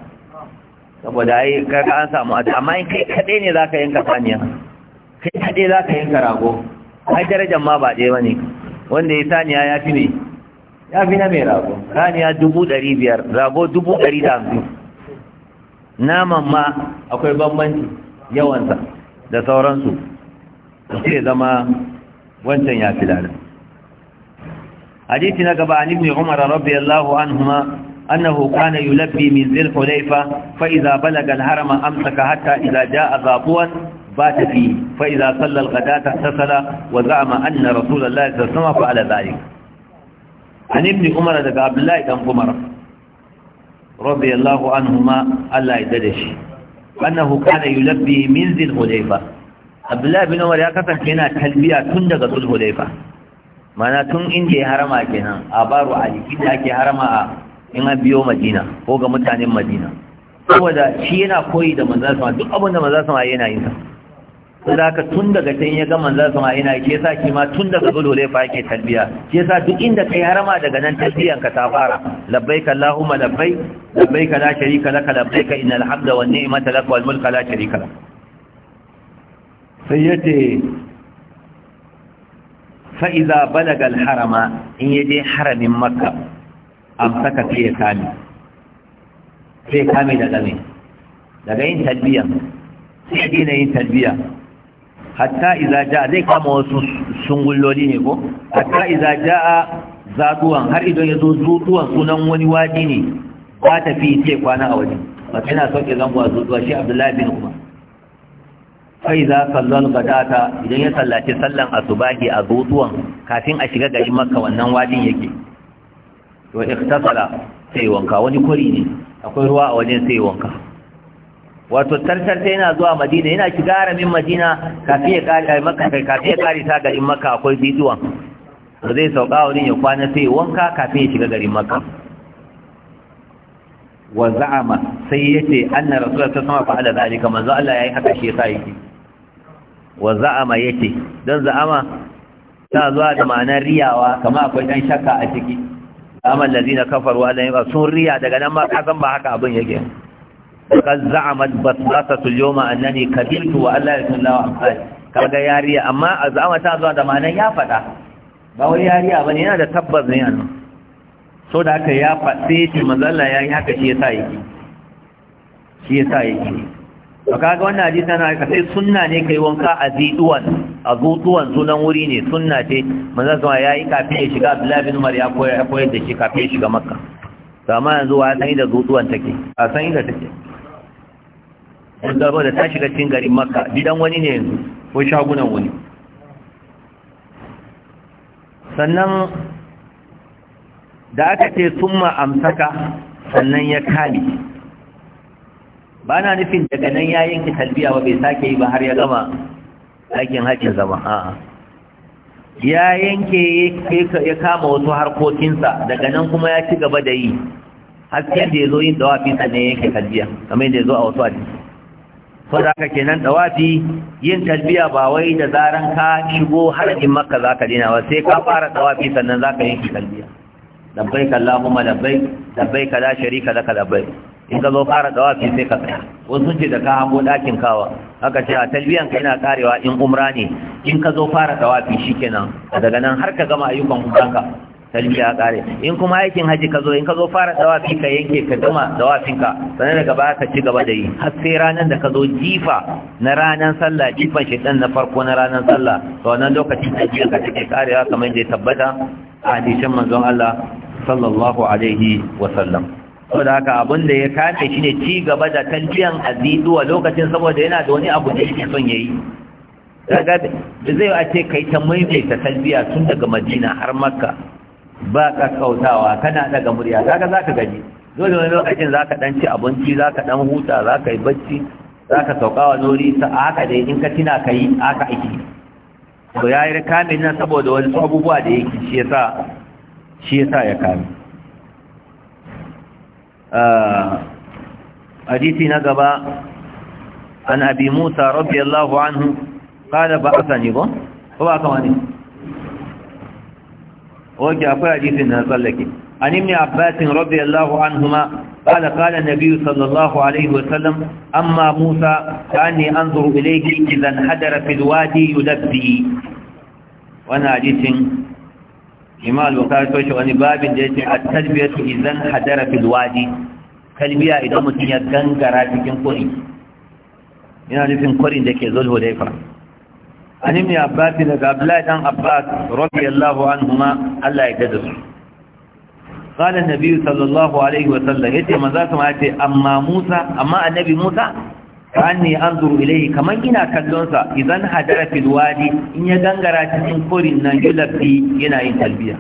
saboda ai kaga an samu amma in kai kaɗai ne za ka yanka saniya kai kaɗai za ka yanka rago ai darajar ma ba ɗaya bane wanda ya saniya ya fi ne ya fi na mai rago saniya dubu ɗari biyar rago dubu ɗari da hamsin naman ma akwai bambanci yawansa da sauransu sai zama wancan ya fi lalata hadisi na gaba ابن عمر umar الله عنهما أنه كان يلبي من ذي الحليفة فإذا بلغ الهرم أمسك حتى إذا جاء ذاقوا بات فيه فإذا صلى الغداة اغتسل وزعم أن رسول الله صلى الله عليه وسلم فعل ذلك عن ابن عمر دقى عبد الله بن عمر رضي الله عنهما ألا يددش أنه كان يلبي من ذي الحليفة عبد الله بن عمر يكتب كنا تلبية تندق ذو الحليفة معنى تن إندي هرما كنا أبار علي كنا كي هرما إن أبيو مدينة فوق متعن مدينة saboda shi yana koyi da manzansa duk abin da manzansa yana yin sa sai da tun daga can ya ga manzon sama ina ke sa ki ma tun daga gudu lai fa yake talbiya ke sa duk inda kai harama daga nan talbiyan ka ta fara labbaik allahumma labbaik labbaik la sharika lak labbaik innal hamda wan ni'mata lak wal mulka la sharika lak sai fa idza balaga al harama in yaje haramin makka amsaka sai ya sami, sai kame daga me daga yin talbiya sai dina yin talbiya hatta iza zai kama wasu sungulloli ne ko hatta iza ja'a zaduwan har idan ya zo zuduwan sunan wani wadi ne ba ta fi ce kwana a waje ba tana sauke zango a zuduwa shi abdullahi bin kuma sai za sallan badata idan ya sallace sallan asubahi a zuduwan kafin a shiga garin makka wannan wajin yake to ikhtasala sai wanka wani kwari ne akwai ruwa a wajen sai wanka wato ta yana zuwa madina yana shiga haramin madina kafin ya kare eh, maka eh, kafin ya kare ta garin maka akwai bidiyon da zai sauka wurin ya kwana sai wanka kafin ya shiga garin maka wa za'ama sai yace anna rasulullahi sallallahu alaihi wasallam fa'ala zalika manzo Allah yayi haka shi yasa yake wa za'ama yace dan za'ama ta zuwa da ma'anar riyawa kamar akwai dan shakka a ciki amal ladina kafaru wa alayhi sun riya daga nan ma kasan ba haka abin yake kan za'amat basata yawma annani kabiltu wa Allah yakun lahu amsal kaga yariya amma azama ta zuwa da manan ya fada ba wai yariya bane yana da tabbas ne annu so da haka ya fade shi mazalla ya yi haka shi yasa yake shi yasa yake to kaga wannan hadisi na aka sai sunna ne kai wanka aziduwan azuduwan sunan wuri ne sunna ce manzo Allah yayi kafin ya shiga Abdullah bin Umar ya koyar da shi kafin ya shiga Makka to amma yanzu wa san da zuduwan take a san da take don zaro da ta shiga cikin garin makka gidan wani ne yanzu ko shagunan wani sannan da aka ce summa amsaka sannan ya kame ba na nufin daga nan ya yanki talbiya ba bai sake yi ba har ya gama aikin hajji zama a'a ya yanke ya kama wasu harkokinsa daga nan kuma ya ci gaba da yi haske da ya zo yin dawafi sannan ya yanke talbiya kamar yadda ya zo a wasu hadisi so da ka kenan dawafi yin talbiya ba wai da zaran ka shigo harajin makka zaka dina ba sai ka fara dawafi sannan zaka yi talbiya labbaik allahumma labbaik labbaik la sharika laka labbaik in ka zo fara dawafi sai ka tsaya wasu ce da ka hango dakin kawa Haka ce a talbiyan ka yana karewa in umra ne in ka zo fara dawafi shikenan daga nan har ka gama ayyukan umranka ya kare in kuma aikin haji ka zo in ka zo fara dawafi ka yanke ka gama dawafinka ka sannan daga baya ka ci gaba da yi har sai ranar da ka zo jifa na ranar sallah jifan shedan na farko na ranar sallah to wannan lokacin tajiya ka take karewa kamar da ya tabbata a hadisin manzon Allah sallallahu alaihi wa sallam saboda haka abin da ya kace shi ne ci gaba da talbiyan aziduwa lokacin saboda yana da wani abu da yake son yayi daga zai a ce kai ta maimaita talbiya tun daga madina har makka ba kakkautawa kana daga murya kaga zaka gaji dole wani lokacin zaka dan ci abinci zaka dan huta zaka yi bacci zaka sauka wa nori ta haka dai in ka tina kai haka aiki to yayi rikamin nan saboda wani abubuwa da yake shi yasa shi yasa ya kame ah, abi نقبا rabbi allah anhu رضي ba asani ba ko ba oke akwai hadisin na tsallake an ibn abbas radiyallahu anhuma qala qala sallallahu alaihi wa sallam amma musa kani anzuru ilayhi idan hadara fil wadi yudabbi wannan hadisin imam al-bukhari to shi wani babin da yake at-talbiyatu idan hadara fil wadi kalbiya idan mutum ya gangara cikin kuri nufin kurin da ke zulhu daifa an ibn abbas daga abdullahi dan abbas radiyallahu anhuma Allah ya gada su qala an-nabi sallallahu alaihi wa sallam yace maza kuma yace amma Musa amma annabi Musa kanni anzuru ilayhi kaman ina kallonsa, idan hadara fil wadi in ya gangara cikin korin nan yulafi yana yin talbiya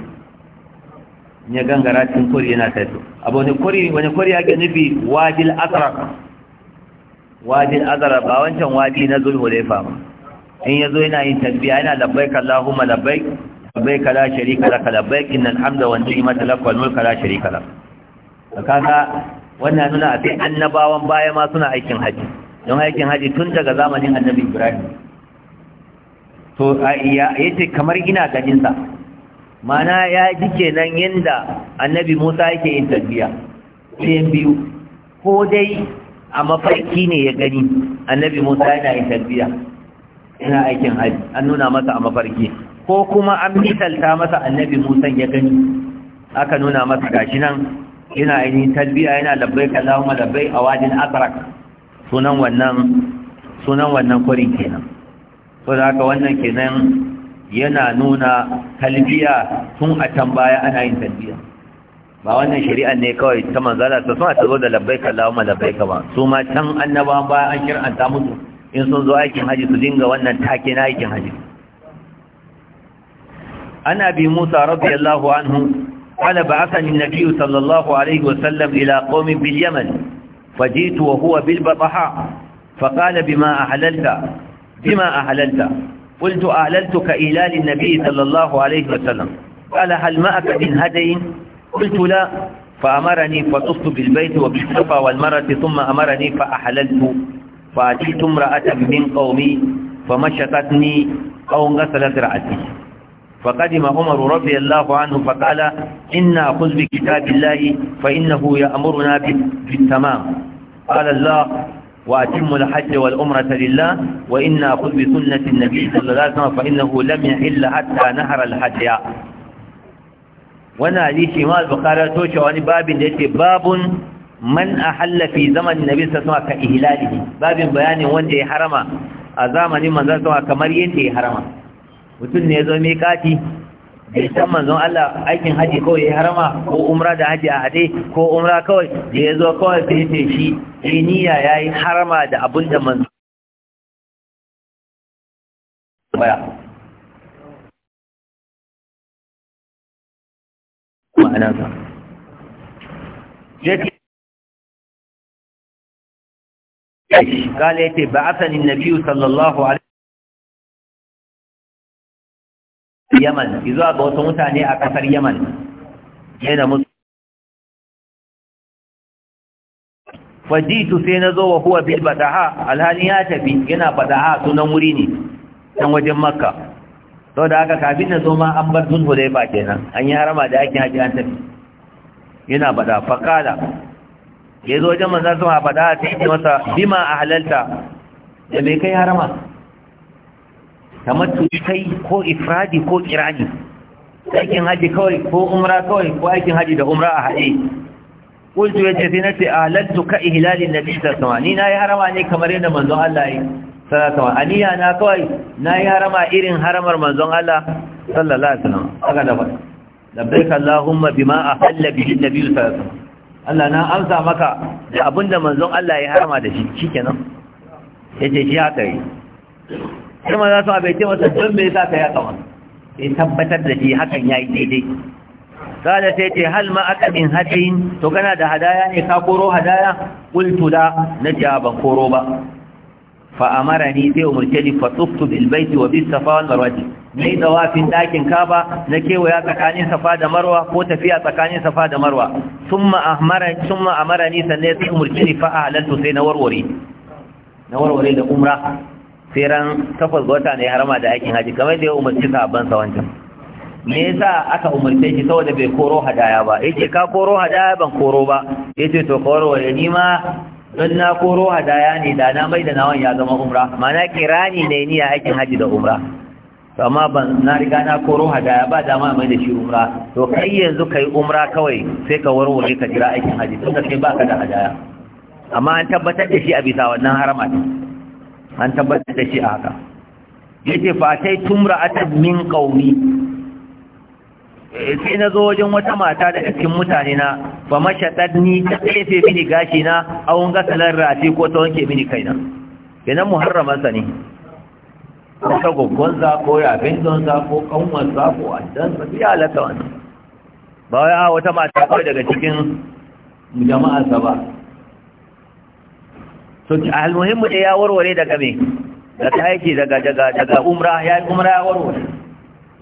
in ya gangara cikin kori yana taito abu wani kori wani kori yake nufi wadil azraq wadil azraq ba wancan wadi na zulhulaifa ba in yazo yana yin tafiya, yana labbaik allahumma labbaik labbaik la sharika lak labbaik innal hamda wan ni'mata lak wal mulka la sharika lak kaga wannan nuna a sai annabawan baya ma suna aikin haji don aikin haji tun daga zamanin annabi ibrahim to ya yace kamar ina ganin sa mana ya ji kenan yanda annabi musa yake yin tasbiya sai biyu ko dai a mafarki ne ya gani annabi musa yana yin tasbiya Ina aikin haji an nuna masa a mafarki ko kuma an misalta masa annabi musan ya gani aka nuna masa gashi nan ina ainihin talbiya yana labbai ma labbai a wajen asrak sunan wannan sunan wannan kwarin kenan so da haka wannan kenan yana nuna talbiya tun a can baya ana yin talbiya ba wannan shari'a ne kawai ta manzala ta suna ta zo da labbai ma labbai ka ba su ma can annabawan baya an shir'anta musu in sun zo aikin haji su dinga wannan take na aikin haji ana bi musa radiyallahu anhu قال بعثني النبي صلى الله عليه وسلم إلى قوم باليمن فجئت وهو بالبطحاء فقال bima ahlalta bima ahlalta قلت أهللتك إلى النبي صلى الله عليه وسلم قال هل معك من هدي قلت لا فأمرني فطفت بالبيت وبالصفا والمرة ثم أمرني فأحللت fati tumra a tambin ƙauni fa mashakat ni ƙaun gasa da tsira'ati fa kadi ma umaru rafi allahu hannu fa kala ina kuzbi kita billahi fa ya amuru na bi tama ƙala allah wa atimmu alhajji wal umra ta wa ina kuzbi sunnatin nabi sallallahu alaihi fa ina hu lam illa hatta nahar alhajjiya wannan hadisi ma al-bukhari toshe wani babin da yake babun man ahalla fi zaman nabi sallallahu alaihi wasallam ka ihlalihi babin bayanin wanda ya harama a zamanin manzon sallallahu kamar yadda ya harama mutum ne ya zo miƙati bai san manzon Allah aikin haji kawai ya harama ko umra da haji a hade ko umra kawai da ya zo kawai sai ce shi ya eh, niyya ya yi harama da abin da manzon baya ma'anansa قال يتي بعثني النبي صلى الله عليه Yaman zuwa ga wasu mutane a ƙasar Yaman yana musu fajitu sai na zo wa huwa bil badaha alhali ya tafi yana bada badaha sunan wuri ne can wajen makka Sau da haka kafin na zo ma an bar sun hudai ba kenan an yi harama da ake haji an tafi yana bada fakala ya zo wajen manzan sama faɗa ta yi masa bima a halalta da mai kai harama kamar kai ko ifradi ko kirani aikin haji kawai ko umra kawai ko aikin haji da umra a haɗe kuntu ya ce na ce a halaltu ka na nabi sama. Ni na yi harama ne kamar yadda manzon Allah ya sallallahu alaihi aniya na kawai na yi harama irin haramar manzon Allah sallallahu alaihi wasallam haka da labbaik allahumma bima ahalla bihi nabi sallallahu alaihi Allah na amsa maka da abinda manzon Allah ya harama da shi Ya ce shi haka yi sai za su bai ce masa don me yasa ka ya wannan ya tabbatar da shi hakan ya yi daidai kada sai ce hal ma aka min hadayin to kana da hadaya ne ka koro hadaya kultu da na ban koro ba fa amarani sai umurce ni fa tuftu bil baiti wa bis safa wal marwa ni dawafin kaba na kewaya tsakanin safa da marwa ko tafiya tsakanin safa da marwa thumma ahmarani thumma amarani sannan sai umurce ni fa ahlaltu sai na warware da umra sai ran takwas ga wata ne harama da aikin haji kamar da ya umarci sahabban sa wancan me yasa aka umarce shi saboda bai koro hadaya ba yace ka koro hadaya ban koro ba yace to koro wa ni ma don na koro hadaya ne da na mai da nawan ya zama umra mana kirani ne ni a aikin haji da umra to amma ban na riga na koro hadaya ba dama mai da shi umra to kai yanzu kai umra kawai sai ka warware ka jira aikin haji tunda kai baka da hadaya amma an tabbatar da shi a bisa wannan harama an tabbatar da shi a haka yake fa sai tumra'atan min qaumi sai na zo wajen wata mata daga cikin mutane na ba mashaɗar ni ta tsefe mini gashi na awon gasalar rafi ko ta wanke mini kaina kenan muharramansa ne ko ta gwaggwansa ko za ko za ko addan sa ya halatta wani ba wai a wata mata kawai daga cikin sa ba so almuhimmu ɗaya warware daga me da ta yake daga daga umra ya umra ya warware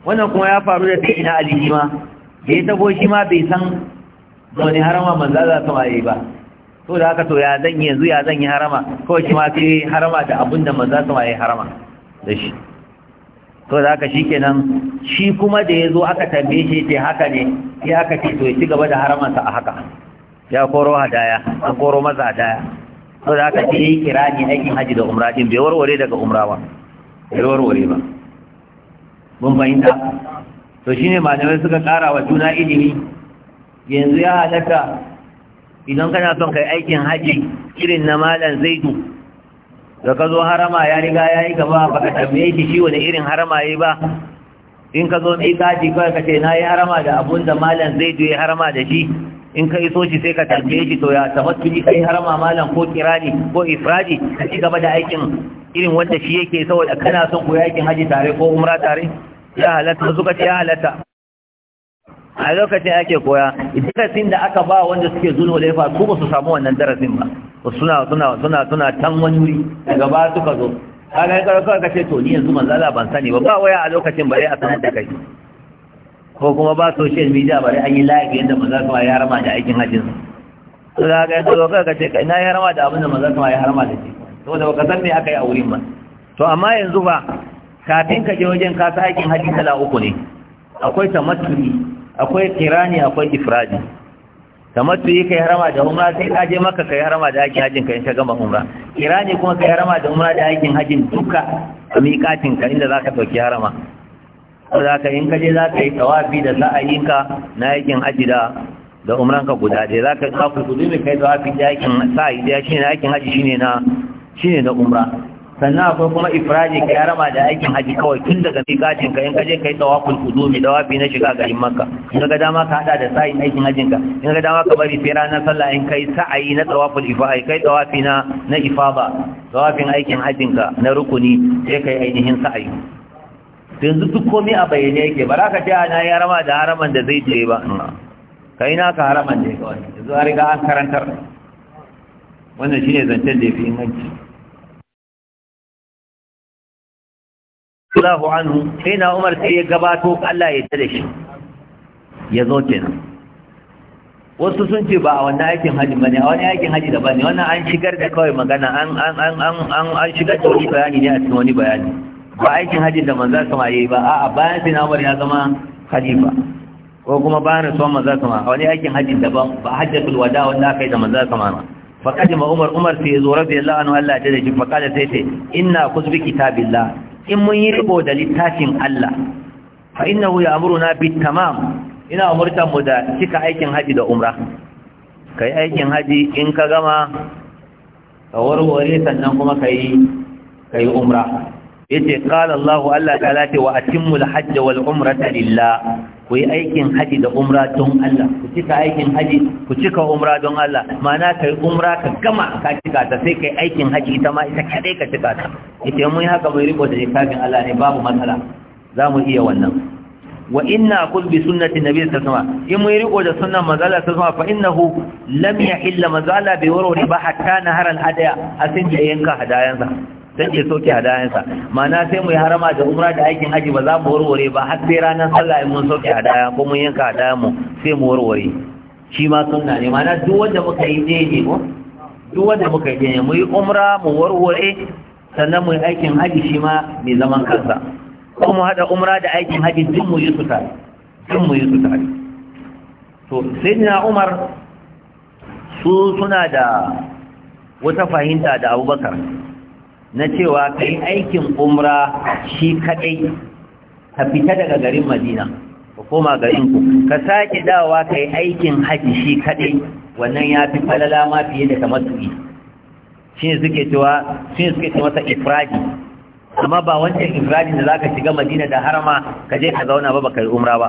wannan kuma ya faru da sai na ali ma da ya tabo shi ma bai san zaune harama za za sama yi ba to da haka to ya zan yi yanzu ya zan yi harama kawai shi ma sai harama da abin da za sama yi harama da shi to da haka kenan shi kuma da ya zo aka tambaye shi ce haka ne sai aka ce to ya ci gaba da haramansa a haka ya koro hadaya an koro masa hadaya to da haka sai kira kirani aikin haji da umra din bai warware daga umra ba bai warware ba mun fahimta to shine malamai suka ƙara wa juna ilimi yanzu ya halatta idan kana son kai aikin haji irin na malam zaidu da ka zo harama ya riga ya yi gaba ba ka tambaye shi shi wani irin harama ya ba in ka zo mai kaji kawai ka ce na yi harama da abun da malam zaidu ya harama da shi in ka iso shi sai ka tambaye shi to ya tabbatu kai harama malam ko kirani ko ifradi ka ci gaba da aikin irin wanda shi yake saboda kana son koyi aikin haji tare ko umra tare ya halatta suka ce ya halatta a lokacin ake koya darasin da aka ba wanda suke zuwa laifa ko ba su samu wannan darasin ba suna suna suna suna tan wani wuri daga ba suka zo kaga karo kawai kace to ni yanzu manzala ban sani ba ba waya a lokacin bare a sanar da kai ko kuma ba social media bare an yi live yadda maza kuma ya rama da aikin hajjin to da ga kaga kawai kace kai na ya rama da abin da maza kuma ya harma da shi saboda baka san me aka yi a wurin ba to amma yanzu ba kafin ka je wajen ka aikin haji kala uku ne akwai tamattu'i akwai kirani akwai ifradi tamattu'i kai harama da umra sai ka je maka kai harama da aikin hajin ka in ka gama umra kirani kuma kai harama da umra da aikin hajin duka a miƙatin ka inda zaka dauki harama za ka in ka je za ka yi tawafi da sa'ayinka na aikin haji da da ka guda ɗaya za ka kafu kudu mai kai tawafi da aikin sa'ayi da shine aikin haji shine na shine na umra sannan akwai kuma ifraji ka yarama da aikin haji kawai tun daga fikacin ka in ka je kai tawaful qudumi dawafi na shiga garin makka in ga dama ka hada da sa'in aikin hajin ka in ga dama ka bari fira na sallah in kai sa'ayi na tawaful ifai kai tawafi na na ifada tawafin aikin hajin ka na rukuni sai kai ainihin sa'ayi yanzu duk komai a bayyane yake ba za ka ce ana ah, yarama da haraman da zai je ba Ka yi naka haraman da ya kawai yanzu an riga an karantar wannan shi ne zancen da ya fi inganci Allahu anhu sai na Umar sai ya gabato Allah ya tare shi ya zo kenan wasu sun ce ba a wannan aikin haji bane a wani aikin haji daban ne wannan an shigar da kawai magana an an an an an shigar da wani bayani ne a cikin wani bayani ba aikin haji da manzo sama yayi ba a'a bayan sai na Umar ya zama khalifa ko kuma bayan son manzo sama a wani aikin haji daban ba hajjatul wada wanda aka yi da manzo sama ma فقدم عمر عمر في زور رضي الله عنه الله جل جلاله فقال سيتي إنا خذ بكتاب الله in mun yi riko da littafin Allah fa innahu ya'muruna bit tamam ina umurtan mu da cika aikin haji da umra kai aikin haji in ka gama ka warware sannan kuma kai kai umra yace qala Allahu Allah ta'ala ce wa atimul hajj wal umrata lillah ku yi aikin haji da umra don Allah ku cika aikin haji ku cika umra don Allah ma'ana kai umra ka gama ka cika ta sai kai aikin haji ita ma ita kadai ka cika ta yace mun haka mai riko da ikafin Allah ne babu matsala za mu iya wannan wa inna akul bi sunnati nabi sallallahu alaihi wasallam in mun riko da sunnan manzo Allah sallallahu alaihi wasallam fa innahu lam yahilla manzo Allah bi waro ba hatta nahara al hadaya asin da yanka hadayansa dan ke soke hadayansa ma'ana sai mu yi harama da umra da aikin haji ba za mu warware ba har sai ranar sallah mun soke hadaya ko mun yanka hadaya mu sai mu warware shi ma sunna ne ma'ana duk wanda muka yi ne ne duk wanda muka yi ne mu yi umra mu warware sannan mu yi aikin haji shi ma mai zaman kansa ko mu haɗa umra da aikin haji duk mu yi su tare duk mu yi su tare to sai na umar su suna da wata fahimta da abubakar na cewa ka yi aikin umra shi kaɗai ka fita daga garin madina ka koma garinku ka sake dawa ka yi aikin haji shi kaɗai wannan ya fi falala ma fiye da tamattu'i shi ne suke cewa shi ne suke cewa ifradi amma ba wancan Ifradi da za ka shiga madina da harama ka je ka zauna ba baka ka yi umra ba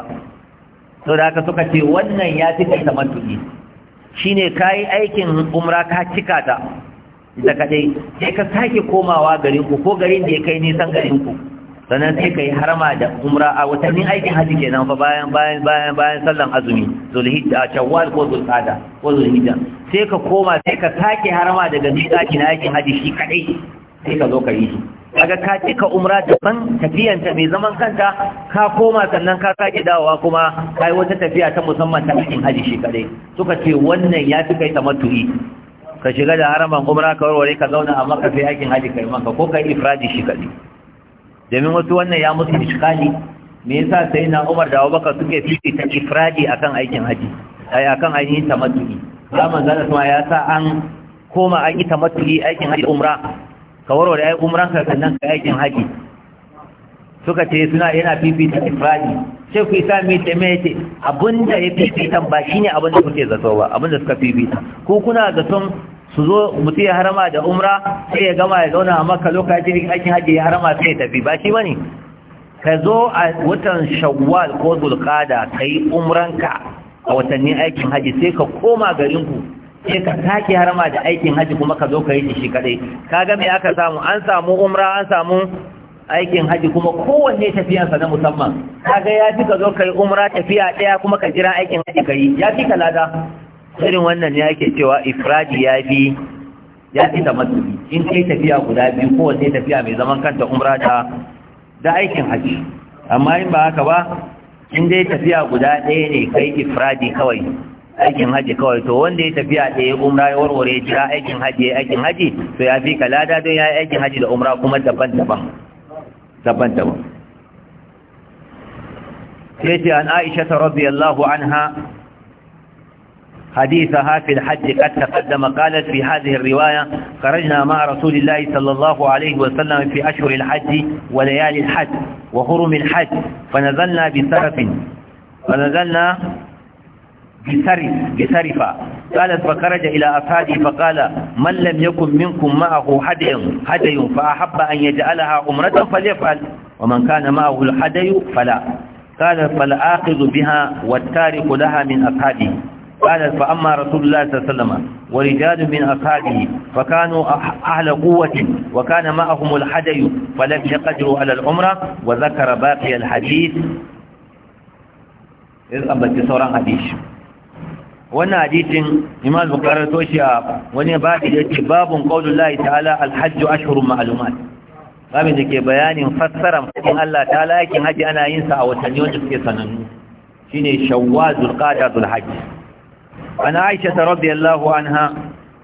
sau da haka suka ce wannan ya fi kai tamattu'i shi ne ka yi aikin umra ka cika ta da kadai sai ka sake komawa garin ku ko garin da ya kai nisan garin ku sannan sai ka yi harama da umra a watanni aikin hajji kenan fa bayan bayan bayan bayan sallan azumi zulhijja shawwal ko zulqa'da ko zulhijja sai ka koma sai ka sake harama daga miƙaƙi na aikin hajji shi kadai sai ka zo ka yi shi kaga ka ce ka umra tafiyan tafiyanta mai zaman kanta ka koma sannan ka sake dawowa kuma kai wata tafiya ta musamman ta aikin hajji shi kadai suka ce wannan ya fi kai tamattu'i ka shiga da haraman umra ka warware ka zauna a maka kai aikin haji kai maka ko kai ifradi shi kaɗi domin wasu wannan ya musu iskali me yasa sai na Umar da Abubakar suke fifi ta ifradi akan aikin haji ai akan ainihin ya zaman da kuma ya sa an koma an yi matuki aikin haji umra ka warware ai umran ka sannan ka aikin haji suka ce suna yana fifita ifradi sai ku isa mai taimaita abinda ya fifita ba shine abinda kuke zato ba abinda suka fifita ko kuna zaton su zo mutu ya harama da umra sai ya gama ya zauna a maka lokacin aikin hajji ya harama sai ya tafi ba shi bane ka zo a watan shawwal ko zulqada kai umranka a watannin aikin hajji sai ka koma garin ku sai ka sake harama da aikin hajji kuma ka zo ka yi shi kadai kaga me aka samu an samu umra an samu aikin haji kuma kowanne tafiyansa na musamman kaga ya fi ka zo ka yi umra tafiya ɗaya, kuma ka jira aikin haji ka yi. ya fi ka lada irin wannan ne ake cewa ifradi ya fi ya fi tamattu'i in kai tafiya guda biyu ko wace tafiya mai zaman kanta umra da da aikin haji amma in ba haka ba in dai tafiya guda ɗaya ne kai ifradi kawai aikin haji kawai to wanda ya tafiya ɗaya umra ya warware jira aikin haji ya aikin haji to ya fi ka lada don ya yi aikin haji da umra kuma daban-daban daban-daban sai ce an aisha ta radiyallahu anha حديثها في الحج قد تقدم قالت في هذه الرواية خرجنا مع رسول الله صلى الله عليه وسلم في أشهر الحج وليالي الحج وحرم الحج فنزلنا بسرف فنزلنا بسرف بسرفة قالت فخرج إلى أصحابي فقال من لم يكن منكم معه حدي حدي فأحب أن يجعلها عمرة فليفعل ومن كان معه الحدي فلا قال فالآخذ بها والتارك لها من أصحابه قال فأما رسول الله صلى الله عليه وسلم ورجال من أصحابه فكانوا أهل قوة وكان معهم الحدي فلم يقدروا على العمرة وذكر باقي الحديث إذ أبت سورا حديث وانا حديث إمام بقرر توشي وانا باقي باب قول الله تعالى الحج أشهر معلومات babin da ke bayanin fassara fadin Allah ta layakin haji ana yin sa a watanni wanda suke sanannu shine shawwal zulqa'da zulhajj wani aisha ta rabbi allahu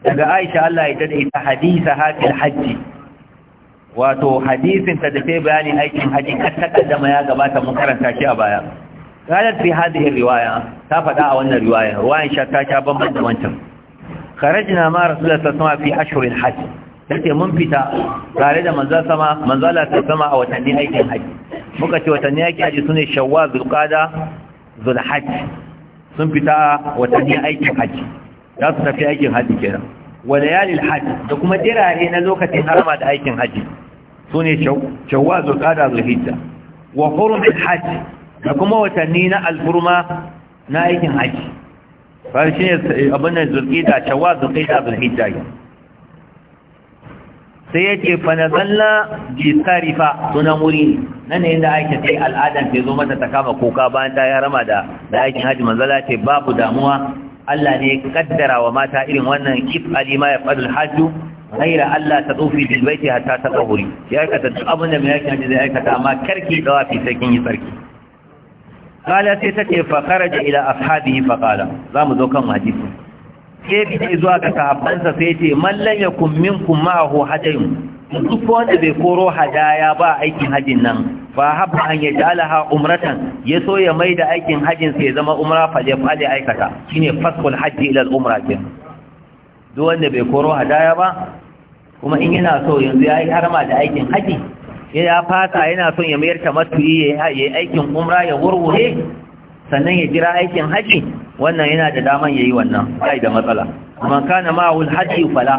daga aisha allah ya da ta hadisa haƙin hajji wato hadisin ta dafe bayanin aikin hajji kan takaddama ya gabata mun karanta shi a baya kalar fi hadihin riwaya ta faɗa a wannan riwaya ruwayan sha ta sha banban da wancan ma rasulullah sallallahu alaihi fi ashhurin hajj dake mun fita tare da manzo sama a watanni aikin hajji muka ce watanni aikin hajji sune shawwal zulqada zulhajj sun fita watanni aikin haji za su tafi aikin haji kenan wa layalil haji da kuma dirare na lokacin harama da aikin haji sune shawwal zulqa'da zulhijja wa hurumul haji da kuma watanni na alfurma na aikin haji fa shine abin da zulqa'da shawwal zulqa'da zulhijja sai ya ce fa nazalla bi sarifa sunan wuri ne nan ne inda aisha sai al'adan sai zo mata ta kama kuka bayan ta ya rama da da aikin haji manzala ce babu damuwa Allah ne kaddara wa mata irin wannan kif alima ya fadul hajju ghaira Allah ta tsofi bil baiti hatta ta tsahuri ya aikata duk abin da mai aikin haji zai aikata amma karki dawa fi sai kin yi sarki kala sai take fa kharaja ila ashabihi fa qala zamu zo kan hadisi gefe zuwa ga sahabbansa sai ce mallan ya kummin kuma a hohadayin duk wanda bai koro hadaya ba aikin hajin nan fa habba an ya jalaha umratan ya so ya mai da aikin hajin sai ya zama umra fa ya fale aikata shine fasqul hajji ila al-umra ke duk wanda bai koro hadaya ba kuma in yana so yanzu ya yi harma da aikin haji ya fasa yana son ya mayar ta matuyi ya yi aikin umra ya wurwure sannan ya jira aikin haji wannan yana da daman yayi wannan kai da matsala amma kana ma'ul haji fala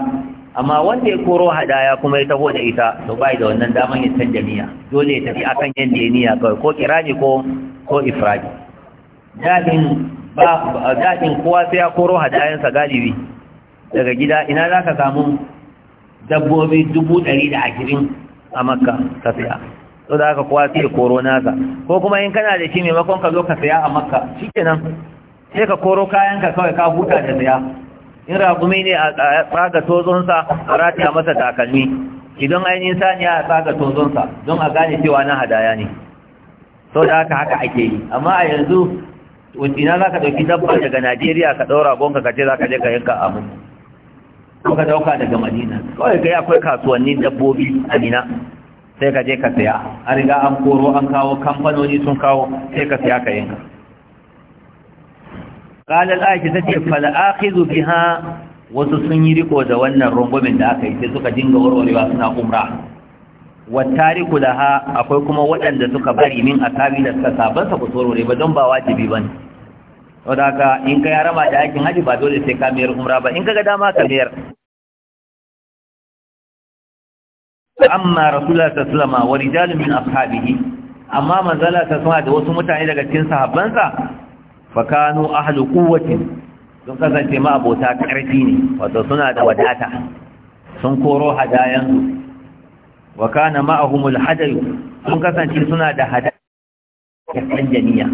amma wanda ya koro hadaya kuma ya taho da ita to bai da wannan daman ya canja niyya dole ya tafi akan yanda ya niyya kawai ko kirani ko ko ifradi dadin ba dadin kowa sai ya koro hadayansa galibi daga gida ina za ka samu dabbobi dubu ɗari da ashirin a makka ka saya to da haka kowa sai koro nasa ko kuma in kana da shi maimakon ka zo ka saya a makka shikenan sai ka koro kayanka kawai ka huta da saya in raƙumi ne a tsaga tozonsa a rataya masa takalmi idan ainihin saniya a tsaga tozonsa don a gane cewa na hadaya ne sau da haka haka ake yi amma a yanzu ina za ka ɗauki dabba daga najeriya ka ɗaura gonka ka ce za ka je ka yanka abu ko ka ɗauka daga madina kawai kai akwai kasuwannin dabbobi a nina sai ka je ka saya an riga an koro an kawo kamfanoni sun kawo sai ka saya ka yanka ƙalar aiki ta ce fal'akizu fi ha wasu sun yi riko da wannan rungumin da aka yi sai suka dinga warwarewa suna umra wata riko da ha akwai kuma waɗanda suka bari min a sabi da suka saban sa kusa ba don ba wajibi ba ne wa haka in ka yara ma da aikin haji ba dole sai ka mayar umra ba in ka ga dama ka mayar amma rasulullah sallallahu alaihi wasallam wa rijalun min ashabihi amma manzala ta suna da wasu mutane daga cikin sahabbansa fakanu ahlu quwwatin sun kasance ma abota karfi ne wato suna da wadata sun koro hadayan wa kana ma'ahumul hadayu sun kasance suna da hadaya kan jami'a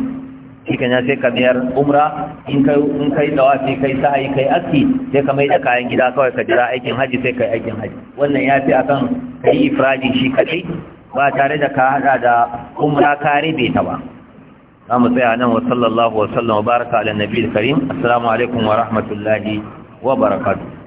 shikan ya sai ka biyar umra in kai in kai tawafi kai sa'i kai aski sai ka mai da kayan gida kawai ka jira aikin haji sai kai aikin haji wannan ya fi akan kai ifradi shi kadai ba tare da ka hada da umra ka rabe ta ba za mu tsaya nan wa sallallahu wa sallam wa baraka ala nabiyil karim assalamu alaikum wa rahmatullahi wa barakatuh